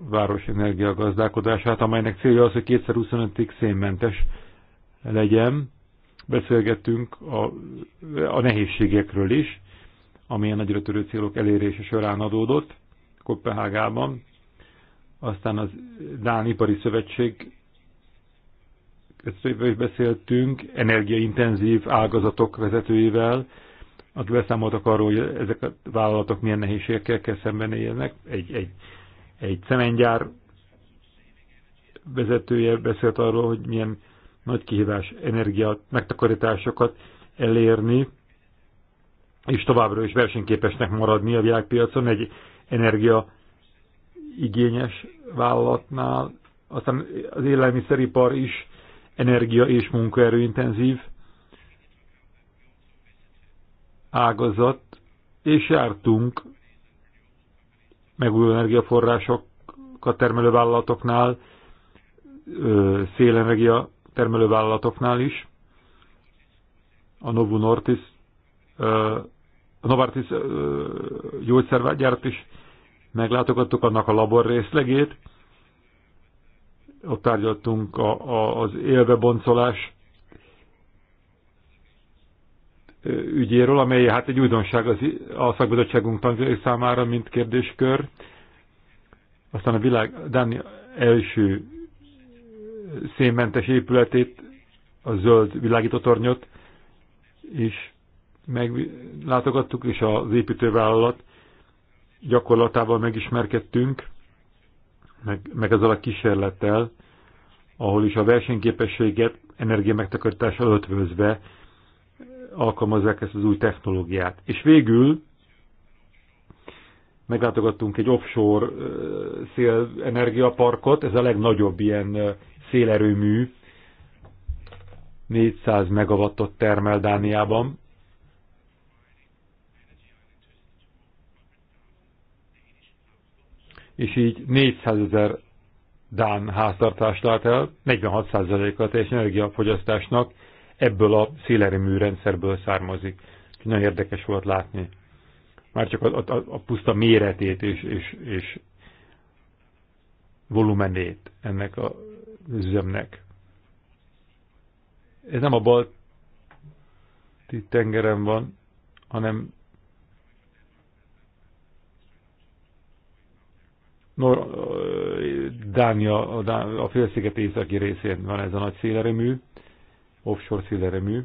város energiagazdálkodását, amelynek célja az, hogy 2025-ig szénmentes legyen. Beszélgettünk a, a nehézségekről is, amilyen nagyra törő célok elérése során adódott Kopenhágában. Aztán az Dán Ipari Szövetség is beszéltünk, energiaintenzív ágazatok vezetőivel, akik beszámoltak arról, hogy ezek a vállalatok milyen nehézségekkel kell élnek. Egy, egy egy cementgyár vezetője beszélt arról, hogy milyen nagy kihívás energia megtakarításokat elérni, és továbbra is versenyképesnek maradni a világpiacon egy energia igényes vállalatnál. Aztán az élelmiszeripar is energia és munkaerőintenzív ágazat, és jártunk megújuló energiaforrásokat termelő vállalatoknál, szélenergia termelő vállalatoknál is. A Novo Nortis, a Novartis gyógyszergyárat is meglátogattuk annak a labor részlegét. Ott tárgyaltunk az élveboncolás ügyéről, amely hát egy újdonság az, a szakbizottságunk tagjai számára, mint kérdéskör. Aztán a világ Dáni első szénmentes épületét, a zöld világítótornyot is meglátogattuk, és az építővállalat gyakorlatával megismerkedtünk, meg, meg ezzel a kísérlettel, ahol is a versenyképességet energia ötvözve alkalmazzák ezt az új technológiát. És végül meglátogattunk egy offshore szélenergiaparkot, ez a legnagyobb ilyen szélerőmű, 400 megawattot termel Dániában. És így 400 ezer Dán háztartást lát el, 46%-a a teljes energiafogyasztásnak, ebből a szélerőmű rendszerből származik. Nagyon érdekes volt látni. Már csak a, a, a puszta méretét és, és, és volumenét ennek a üzemnek. Ez nem a balti tengeren van, hanem Nor Dánia, a, Dán a félsziget északi részén van ez a nagy szélerőmű, offshore szélerőmű.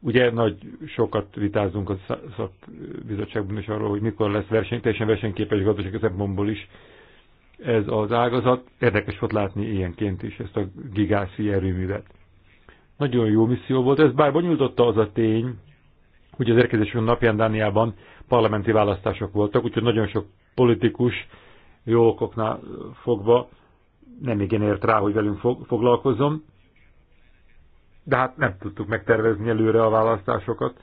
Ugye nagy sokat vitázunk a szakbizottságban is arról, hogy mikor lesz verseny, teljesen versenyképes gazdasági szempontból is ez az ágazat. Érdekes volt látni ilyenként is ezt a gigászi erőművet. Nagyon jó misszió volt ez, bár bonyolította az a tény, hogy az érkezésünk napján Dániában parlamenti választások voltak, úgyhogy nagyon sok politikus jó okoknál fogva nem igen ért rá, hogy velünk fog, foglalkozom de hát nem tudtuk megtervezni előre a választásokat.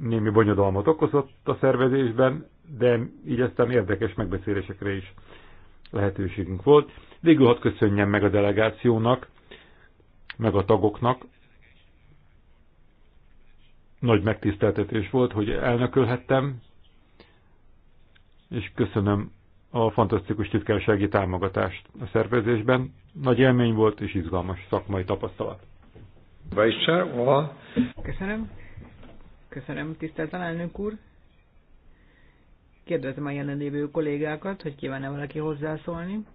Némi bonyodalmat okozott a szervezésben, de így aztán érdekes megbeszélésekre is lehetőségünk volt. Végül hadd köszönjem meg a delegációnak, meg a tagoknak. Nagy megtiszteltetés volt, hogy elnökölhettem, és köszönöm a fantasztikus titkársági támogatást a szervezésben. Nagy élmény volt és izgalmas szakmai tapasztalat. Köszönöm. Köszönöm, tisztelt elnök úr. Kérdezem a jelenlévő kollégákat, hogy kíván-e valaki hozzászólni.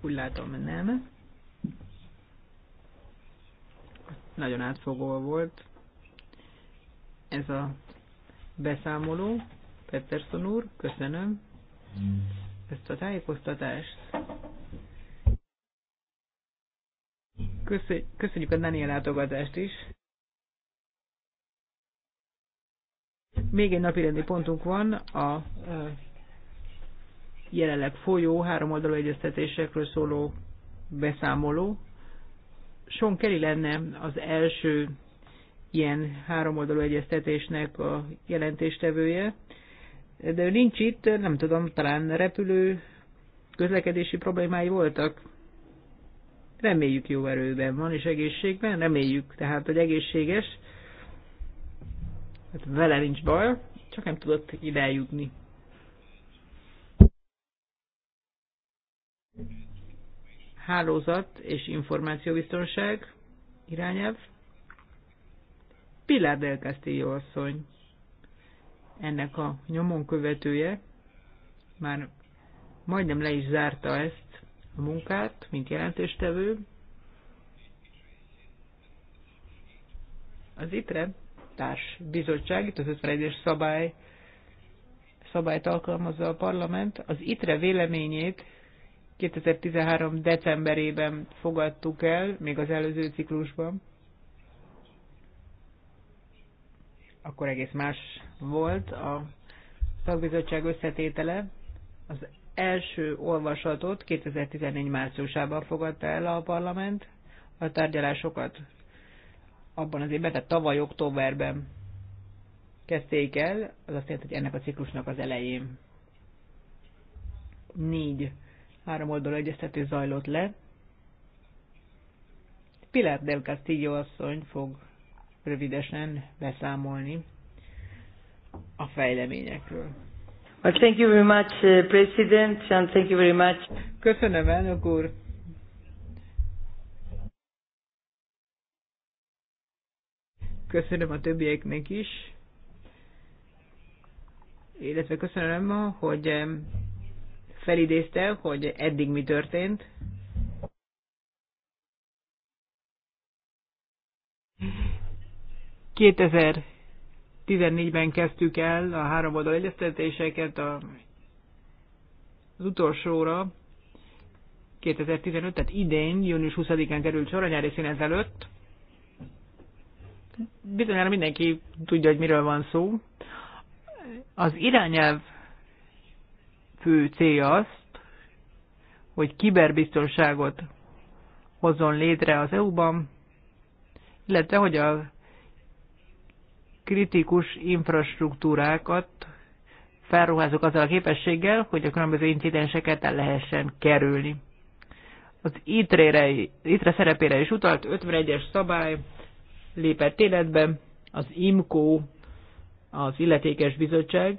Úgy látom, nem. Nagyon átfogó volt ez a beszámoló. Petterson úr, köszönöm ezt a tájékoztatást. Köszönjük a Daniel látogatást is. Még egy napirendi pontunk van, a jelenleg folyó háromoldalú egyeztetésekről szóló beszámoló. Son Kelly lenne az első ilyen háromoldalú egyeztetésnek a jelentéstevője, de ő nincs itt, nem tudom, talán repülő közlekedési problémái voltak. Reméljük jó erőben van és egészségben, reméljük tehát, hogy egészséges. Hát vele nincs baj, csak nem tudott ide eljutni. Hálózat és információbiztonság irányelv. Pilar del Castillo asszony ennek a nyomon követője már majdnem le is zárta ezt a munkát, mint jelentéstevő. Az ITRE társ bizottság, itt az 51-es szabály, szabályt alkalmazza a parlament. Az ITRE véleményét 2013. decemberében fogadtuk el, még az előző ciklusban. Akkor egész más volt a szakbizottság összetétele. Az első olvasatot 2014 márciusában fogadta el a parlament a tárgyalásokat. Abban az évben, tehát tavaly októberben kezdték el, az azt jelenti, hogy ennek a ciklusnak az elején négy három oldal egyeztető zajlott le. Pilar del Castillo asszony fog rövidesen beszámolni a fejleményekről thank you very much, uh, President, and thank you very much. Köszönöm, elnök úr. Köszönöm a többieknek is, illetve köszönöm, hogy felidézte, hogy eddig mi történt. Kétezer. 14-ben kezdtük el a három oldal egyeztetéseket, a, az utolsóra 2015, tehát idén, június 20-án került sor a nyári szín ezelőtt. Bizonyára mindenki tudja, hogy miről van szó. Az irányelv fő célja azt, hogy kiberbiztonságot hozzon létre az EU-ban, illetve hogy a kritikus infrastruktúrákat felruházok azzal a képességgel, hogy a különböző incidenseket el lehessen kerülni. Az ITRE, ITRE szerepére is utalt, 51-es szabály lépett életbe, az IMCO, az illetékes bizottság,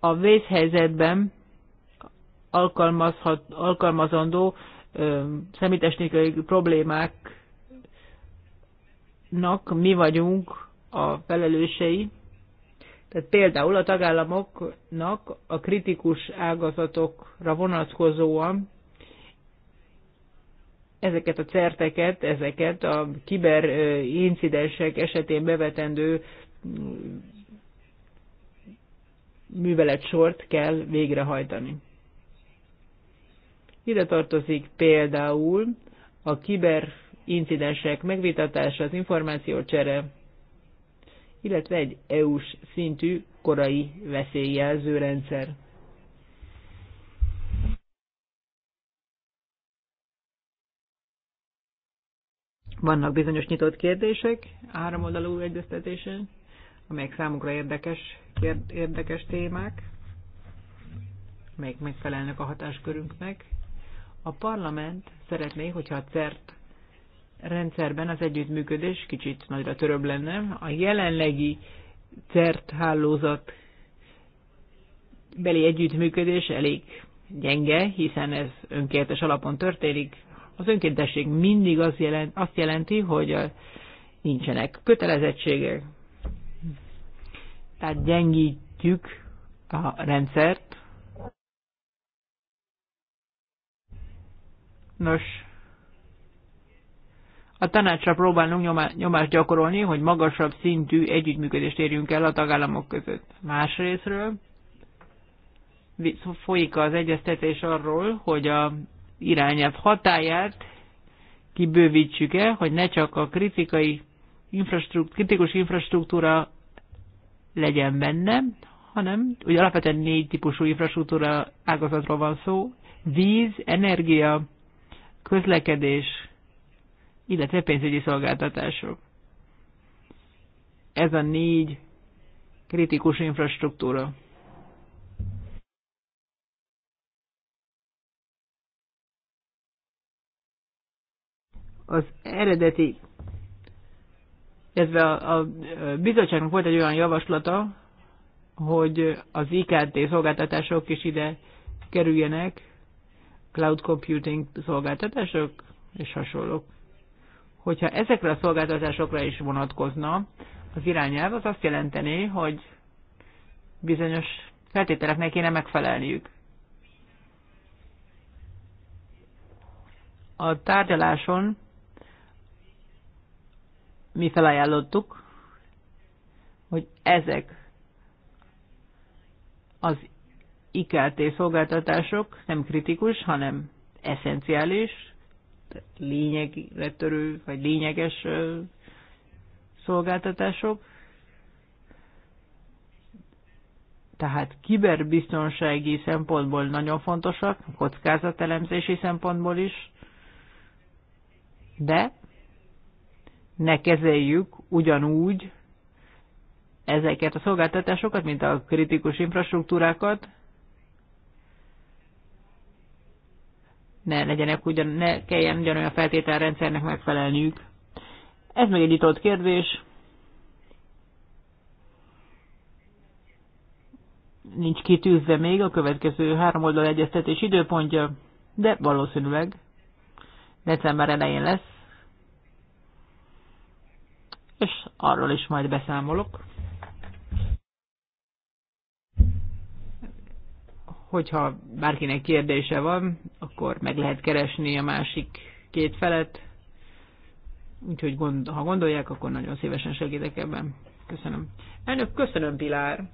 a vészhelyzetben alkalmazhat, alkalmazandó szemítechnikai problémáknak mi vagyunk a felelősei. Tehát például a tagállamoknak a kritikus ágazatokra vonatkozóan ezeket a certeket, ezeket a kiberincidensek esetén bevetendő műveletsort kell végrehajtani. Ide tartozik például a kiberincidensek megvitatása, az információcsere, illetve egy EU-s szintű korai veszélyjelző rendszer. Vannak bizonyos nyitott kérdések háromoldalú egyeztetésen, amelyek számukra érdekes, érdekes témák, amelyek megfelelnek a hatáskörünknek. A parlament szeretné, hogyha a CERT rendszerben az együttműködés kicsit nagyra töröbb lenne. A jelenlegi CERT hálózat beli együttműködés elég gyenge, hiszen ez önkéntes alapon történik. Az önkéntesség mindig azt, jelent, azt jelenti, hogy nincsenek kötelezettségek. Tehát gyengítjük a rendszert, Nos, a tanácsra próbálunk nyomást gyakorolni, hogy magasabb szintű együttműködést érjünk el a tagállamok között. Másrésztről folyik az egyeztetés arról, hogy a irányelv hatáját kibővítsük-e, hogy ne csak a kritikai infrastruktúra, kritikus infrastruktúra legyen benne, hanem ugye alapvetően négy típusú infrastruktúra ágazatról van szó, víz, energia, közlekedés, illetve pénzügyi szolgáltatások. Ez a négy kritikus infrastruktúra. Az eredeti, illetve a, a bizottságnak volt egy olyan javaslata, hogy az IKT szolgáltatások is ide kerüljenek, cloud computing szolgáltatások és hasonlók. Hogyha ezekre a szolgáltatásokra is vonatkozna az irányelv, az azt jelenteni, hogy bizonyos feltételeknek kéne megfelelniük. A tárgyaláson mi felajánlottuk, hogy ezek az IKT szolgáltatások nem kritikus, hanem eszenciális, lényegre törő, vagy lényeges szolgáltatások. Tehát kiberbiztonsági szempontból nagyon fontosak, kockázatelemzési szempontból is, de ne kezeljük ugyanúgy ezeket a szolgáltatásokat, mint a kritikus infrastruktúrákat, ne legyenek ugyan, ne kelljen ugyanolyan feltételrendszernek megfelelniük. Ez még egy nyitott kérdés. Nincs kitűzve még a következő három oldal egyeztetés időpontja, de valószínűleg december elején lesz, és arról is majd beszámolok. hogyha bárkinek kérdése van, akkor meg lehet keresni a másik két felet. Úgyhogy gond, ha gondolják, akkor nagyon szívesen segítek ebben. Köszönöm. Elnök, köszönöm, Pilár.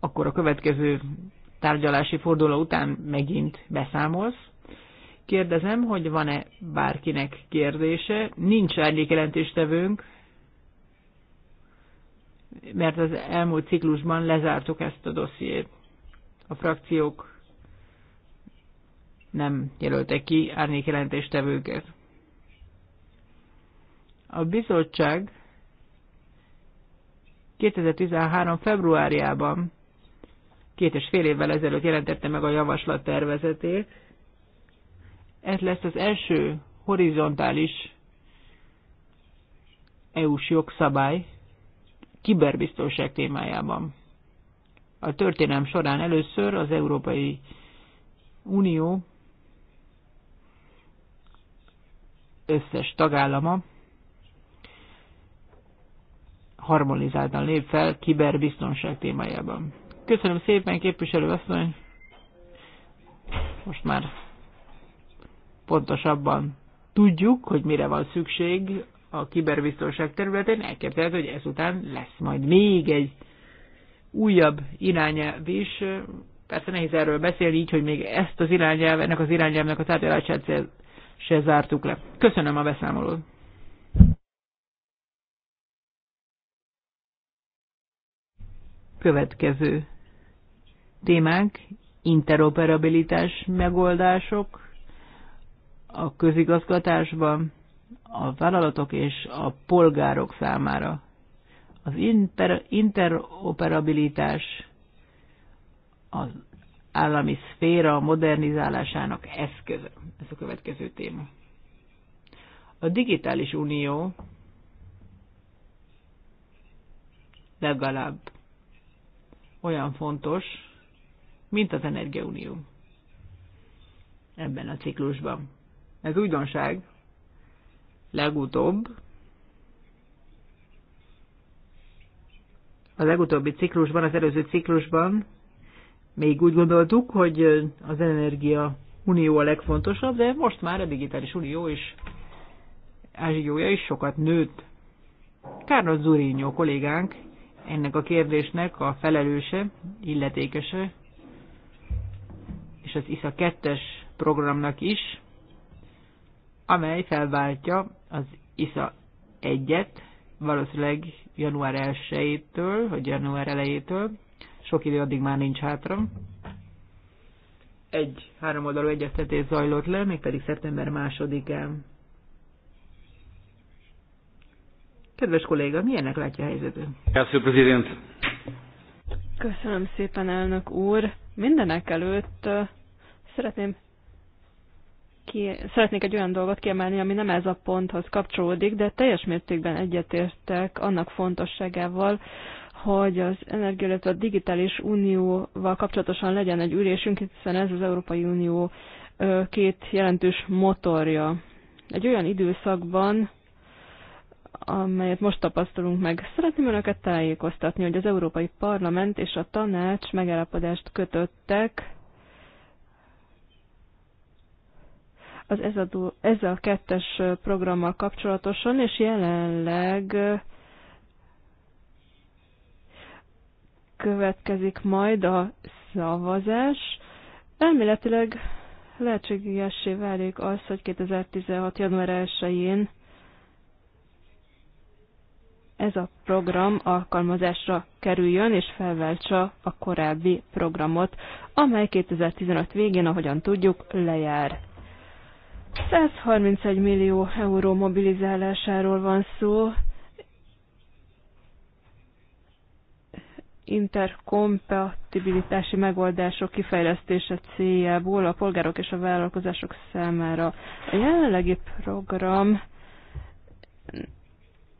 Akkor a következő tárgyalási forduló után megint beszámolsz. Kérdezem, hogy van-e bárkinek kérdése. Nincs árnyékelentéstevőnk, mert az elmúlt ciklusban lezártuk ezt a dossziét. A frakciók nem jelöltek ki árnyékjelentéstevőket. A bizottság 2013. februárjában, két és fél évvel ezelőtt jelentette meg a javaslat tervezetét. Ez lesz az első horizontális EU-s jogszabály, kiberbiztonság témájában. A történelm során először az Európai Unió összes tagállama harmonizáltan lép fel kiberbiztonság témájában. Köszönöm szépen, képviselő asszony! Most már pontosabban tudjuk, hogy mire van szükség a kiberbiztonság területén, elképzelhető, hogy ezután lesz majd még egy újabb irányelv is. Persze nehéz erről beszélni, így, hogy még ezt az irányelv, ennek az irányelvnek a tárgyalását se, se zártuk le. Köszönöm a beszámolót. Következő témánk interoperabilitás megoldások a közigazgatásban a vállalatok és a polgárok számára. Az inter, interoperabilitás az állami szféra modernizálásának eszköze. Ez a következő téma. A digitális unió legalább olyan fontos, mint az energiaunió ebben a ciklusban. Ez újdonság, legutóbb, a legutóbbi ciklusban, az előző ciklusban még úgy gondoltuk, hogy az energia unió a legfontosabb, de most már a digitális unió is, ázsiója is sokat nőtt. Carlos Zurinyó kollégánk ennek a kérdésnek a felelőse, illetékese, és az ISZA 2-es programnak is amely felváltja az ISA 1-et, valószínűleg január 1-től, vagy január elejétől, sok idő addig már nincs hátra. Egy háromoldalú egyeztetés zajlott le, mégpedig szeptember másodikán. Kedves kolléga, milyennek látja a helyzetet? Köszönöm szépen, elnök úr. Mindenek előtt szeretném ki, szeretnék egy olyan dolgot kiemelni, ami nem ez a ponthoz kapcsolódik, de teljes mértékben egyetértek annak fontosságával, hogy az energia, illetve a digitális unióval kapcsolatosan legyen egy ülésünk, hiszen ez az Európai Unió két jelentős motorja. Egy olyan időszakban, amelyet most tapasztalunk meg. Szeretném Önöket tájékoztatni, hogy az Európai Parlament és a Tanács megállapodást kötöttek az ez a, ez a kettes programmal kapcsolatosan, és jelenleg következik majd a szavazás. Elméletileg lehetségesé válik az, hogy 2016. január 1-én ez a program alkalmazásra kerüljön és felváltsa a korábbi programot, amely 2015 végén, ahogyan tudjuk, lejár. 131 millió euró mobilizálásáról van szó, interkompatibilitási megoldások kifejlesztése céljából a polgárok és a vállalkozások számára. A jelenlegi program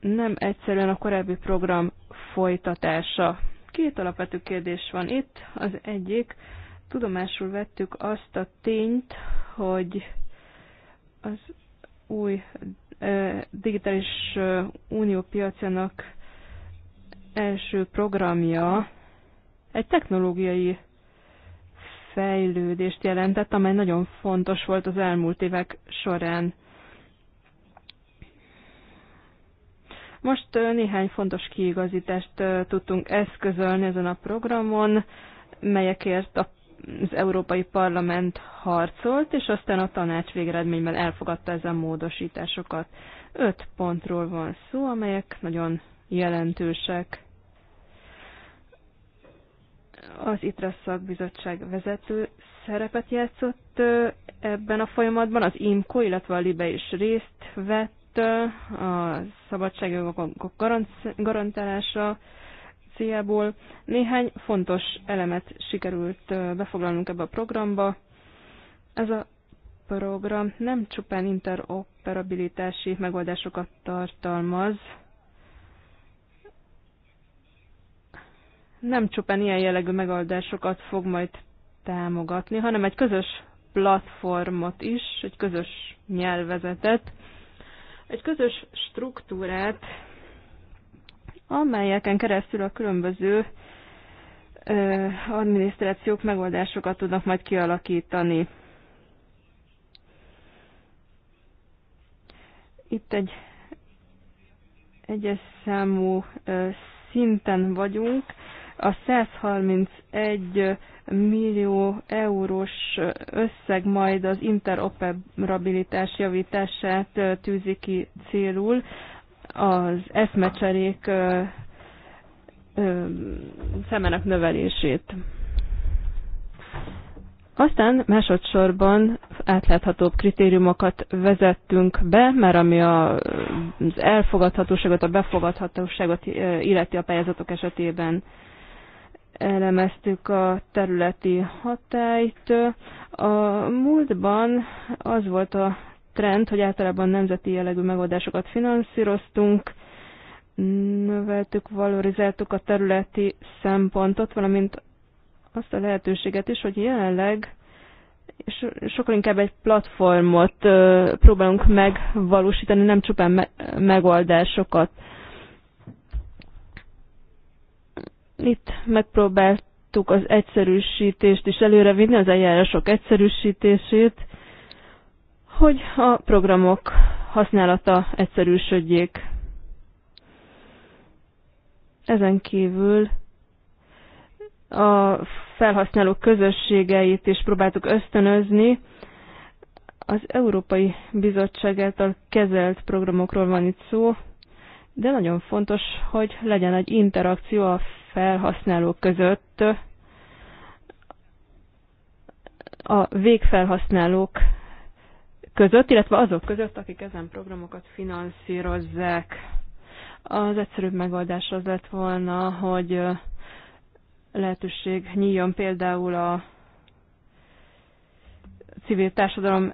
nem egyszerűen a korábbi program folytatása. Két alapvető kérdés van itt. Az egyik, tudomásul vettük azt a tényt, hogy az új digitális unió piacának első programja egy technológiai fejlődést jelentett, amely nagyon fontos volt az elmúlt évek során. Most néhány fontos kiigazítást tudtunk eszközölni ezen a programon, melyekért a az Európai Parlament harcolt, és aztán a tanács végeredményben elfogadta ezen módosításokat. Öt pontról van szó, amelyek nagyon jelentősek. Az ITRA szakbizottság vezető szerepet játszott ebben a folyamatban, az IMCO, illetve a LIBE is részt vett a szabadságjogok garantálása, célból. Néhány fontos elemet sikerült befoglalnunk ebbe a programba. Ez a program nem csupán interoperabilitási megoldásokat tartalmaz, nem csupán ilyen jellegű megoldásokat fog majd támogatni, hanem egy közös platformot is, egy közös nyelvezetet, egy közös struktúrát, amelyeken keresztül a különböző adminisztrációk megoldásokat tudnak majd kialakítani. Itt egy egyes számú szinten vagyunk. A 131 millió eurós összeg majd az interoperabilitás javítását tűzi ki célul az eszmecserék szemenek növelését. Aztán másodszorban átláthatóbb kritériumokat vezettünk be, mert ami az elfogadhatóságot, a befogadhatóságot illeti a pályázatok esetében elemeztük a területi hatályt. A múltban az volt a trend, hogy általában nemzeti jellegű megoldásokat finanszíroztunk, növeltük, valorizáltuk a területi szempontot, valamint azt a lehetőséget is, hogy jelenleg sokkal inkább egy platformot próbálunk megvalósítani, nem csupán me megoldásokat. Itt megpróbáltuk az egyszerűsítést is előrevinni, az eljárások egyszerűsítését, hogy a programok használata egyszerűsödjék. Ezen kívül a felhasználók közösségeit is próbáltuk ösztönözni. Az Európai Bizottság által kezelt programokról van itt szó, de nagyon fontos, hogy legyen egy interakció a felhasználók között, a végfelhasználók között, illetve azok között, akik ezen programokat finanszírozzák. Az egyszerűbb megoldás az lett volna, hogy lehetőség nyíljon például a civil társadalom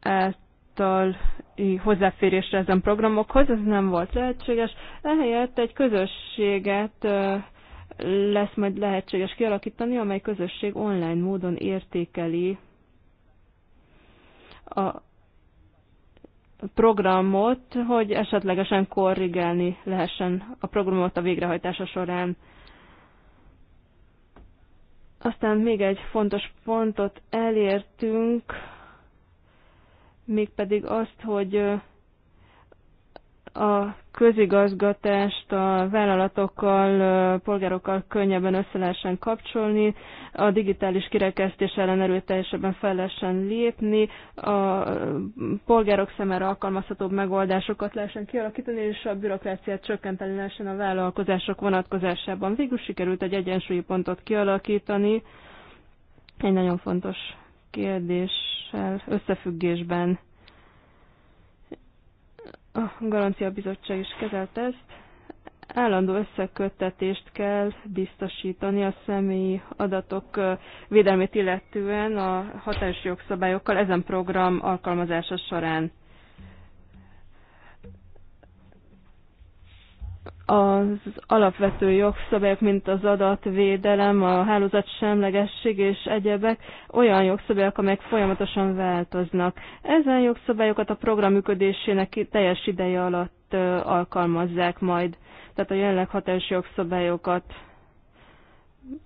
által hozzáférésre ezen programokhoz, ez nem volt lehetséges. Ehelyett egy közösséget lesz majd lehetséges kialakítani, amely közösség online módon értékeli a programot, hogy esetlegesen korrigálni lehessen a programot a végrehajtása során. Aztán még egy fontos pontot elértünk, mégpedig azt, hogy a közigazgatást a vállalatokkal, polgárokkal könnyebben össze lehessen kapcsolni, a digitális kirekesztés ellen erőteljesebben fel lehessen lépni, a polgárok szemére alkalmazhatóbb megoldásokat lehessen kialakítani, és a bürokráciát csökkenteni lehessen a vállalkozások vonatkozásában. Végül sikerült egy egyensúlyi pontot kialakítani, egy nagyon fontos kérdéssel összefüggésben a Garancia Bizottság is kezelte ezt, állandó összeköttetést kell biztosítani a személyi adatok védelmét illetően a hatályos jogszabályokkal ezen program alkalmazása során. az alapvető jogszabályok, mint az adatvédelem, a hálózat semlegesség és egyebek, olyan jogszabályok, amelyek folyamatosan változnak. Ezen jogszabályokat a program működésének teljes ideje alatt alkalmazzák majd, tehát a jelenleg hatályos jogszabályokat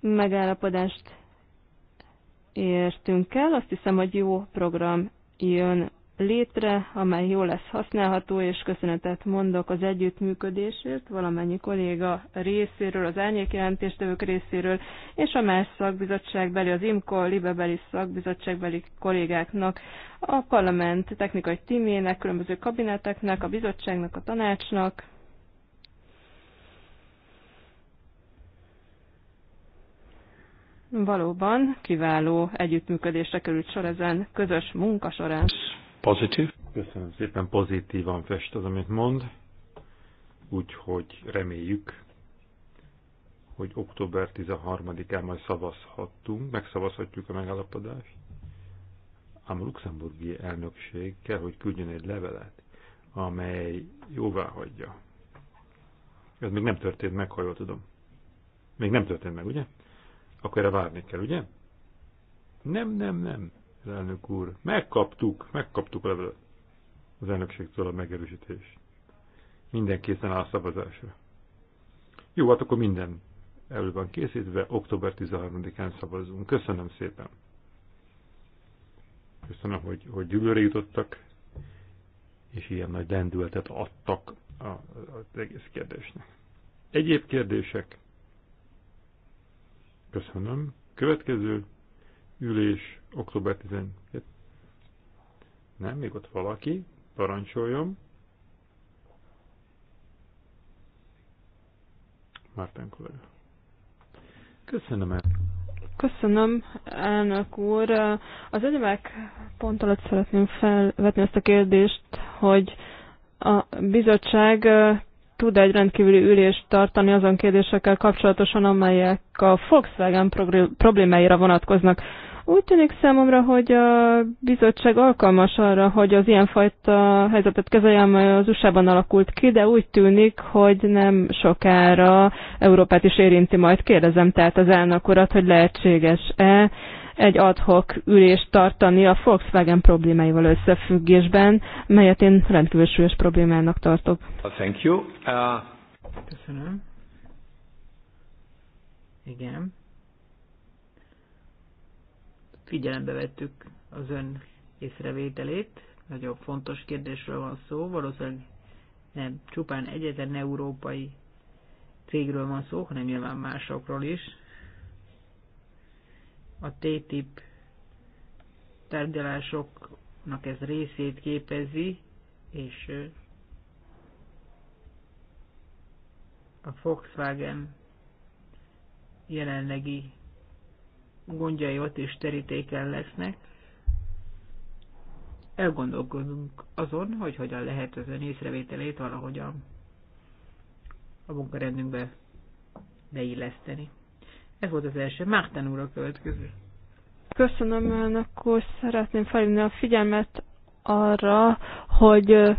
megállapodást értünk el. Azt hiszem, hogy jó program jön létre, amely jól lesz használható, és köszönetet mondok az együttműködésért valamennyi kolléga részéről, az árnyékjelentéstevők részéről, és a más szakbizottságbeli, az IMCO, Libebeli szakbizottságbeli kollégáknak, a parlament technikai tímének, különböző kabineteknek, a bizottságnak, a tanácsnak, Valóban kiváló együttműködésre került sor ezen közös munka során. Positive. Köszönöm szépen, pozitívan fest az, amit mond. Úgyhogy reméljük, hogy október 13-án majd szavazhatunk, megszavazhatjuk a megállapodást. Ám a luxemburgi elnökség kell, hogy küldjön egy levelet, amely jóvá hagyja. Ez még nem történt meg, ha jól tudom. Még nem történt meg, ugye? Akkor erre várni kell, ugye? Nem, nem, nem az elnök úr. Megkaptuk, megkaptuk a levelet az elnökségtől a megerősítés. Minden készen áll a szavazásra. Jó, hát akkor minden elő van készítve, október 13-án szavazunk. Köszönöm szépen. Köszönöm, hogy, hogy gyűlőre jutottak, és ilyen nagy lendületet adtak a, az egész kérdésnek. Egyéb kérdések? Köszönöm. Következő ülés október 12. Nem, még ott valaki, parancsoljon. Márten kollega. Köszönöm el. Köszönöm, elnök úr. Az egyemek pont alatt szeretném felvetni ezt a kérdést, hogy a bizottság tud egy rendkívüli ülést tartani azon kérdésekkel kapcsolatosan, amelyek a Volkswagen problémáira vonatkoznak. Úgy tűnik számomra, hogy a bizottság alkalmas arra, hogy az ilyenfajta helyzetet kezelje, amely az USA-ban alakult ki, de úgy tűnik, hogy nem sokára Európát is érinti majd. Kérdezem tehát az elnök urat, hogy lehetséges-e egy adhok ülést tartani a Volkswagen problémáival összefüggésben, melyet én rendkívül súlyos problémának tartok. Thank you. Uh... Köszönöm. Igen. Figyelembe vettük az ön észrevételét. Nagyon fontos kérdésről van szó. Valószínűleg nem csupán egyetlen európai cégről van szó, hanem nyilván másokról is a TTIP tárgyalásoknak ez részét képezi, és a Volkswagen jelenlegi gondjai ott is terítéken lesznek. Elgondolkodunk azon, hogy hogyan lehet az ön észrevételét valahogyan a munkarendünkbe beilleszteni. Ez volt az első. Márten úr a következő. Köszönöm, önök, úr. Szeretném felhívni a figyelmet arra, hogy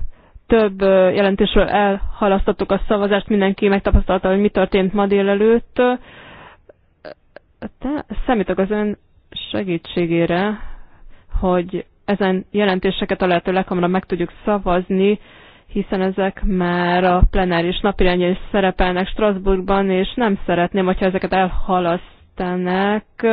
több jelentésről elhalasztottuk a szavazást, mindenki megtapasztalta, hogy mi történt ma délelőtt. De számítok az ön segítségére, hogy ezen jelentéseket a lehető leghamarabb meg tudjuk szavazni, hiszen ezek már a plenáris napirányja is szerepelnek Strasbourgban, és nem szeretném, hogyha ezeket elhalasztanák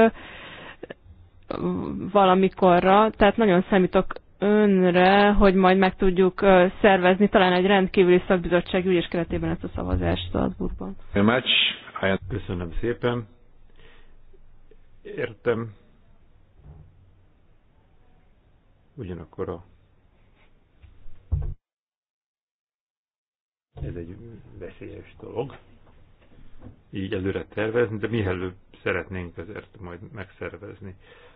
valamikorra. Tehát nagyon számítok önre, hogy majd meg tudjuk szervezni talán egy rendkívüli szakbizottság ülés keretében ezt a szavazást Strasbourgban. Köszönöm szépen. Értem. Ugyanakkor a Ez egy veszélyes dolog. Így előre tervezni, de mielőbb szeretnénk ezért majd megszervezni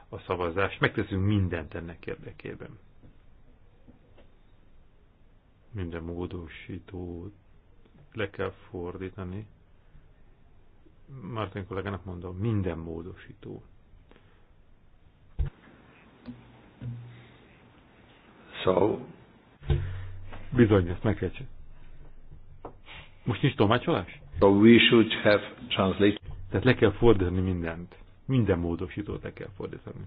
a szavazást. Megteszünk mindent ennek érdekében. Minden módosítót le kell fordítani. Martin kollégának mondom, minden módosító. So. Bizony, ezt meg kell csinálni. Most nincs tolmácsolás? So we should have translate. Tehát le kell fordítani mindent. Minden módosítót le kell fordítani.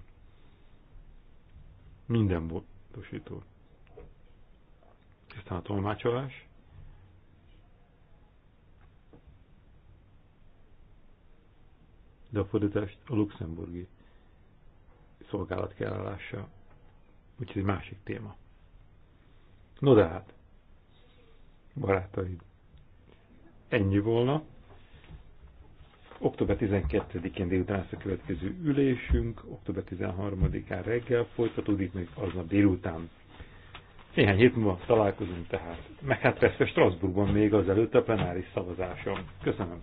Minden módosító. Aztán a tolmácsolás. De a fordítást a luxemburgi szolgálat kell elássa, Úgyhogy egy másik téma. No de hát, barátaid. Ennyi volna. Október 12-én délután lesz a következő ülésünk, október 13-án reggel folytatódik, még aznap délután. Néhány hét múlva találkozunk tehát. Meg hát persze Strasbourgban még előtt a plenáris szavazáson. Köszönöm.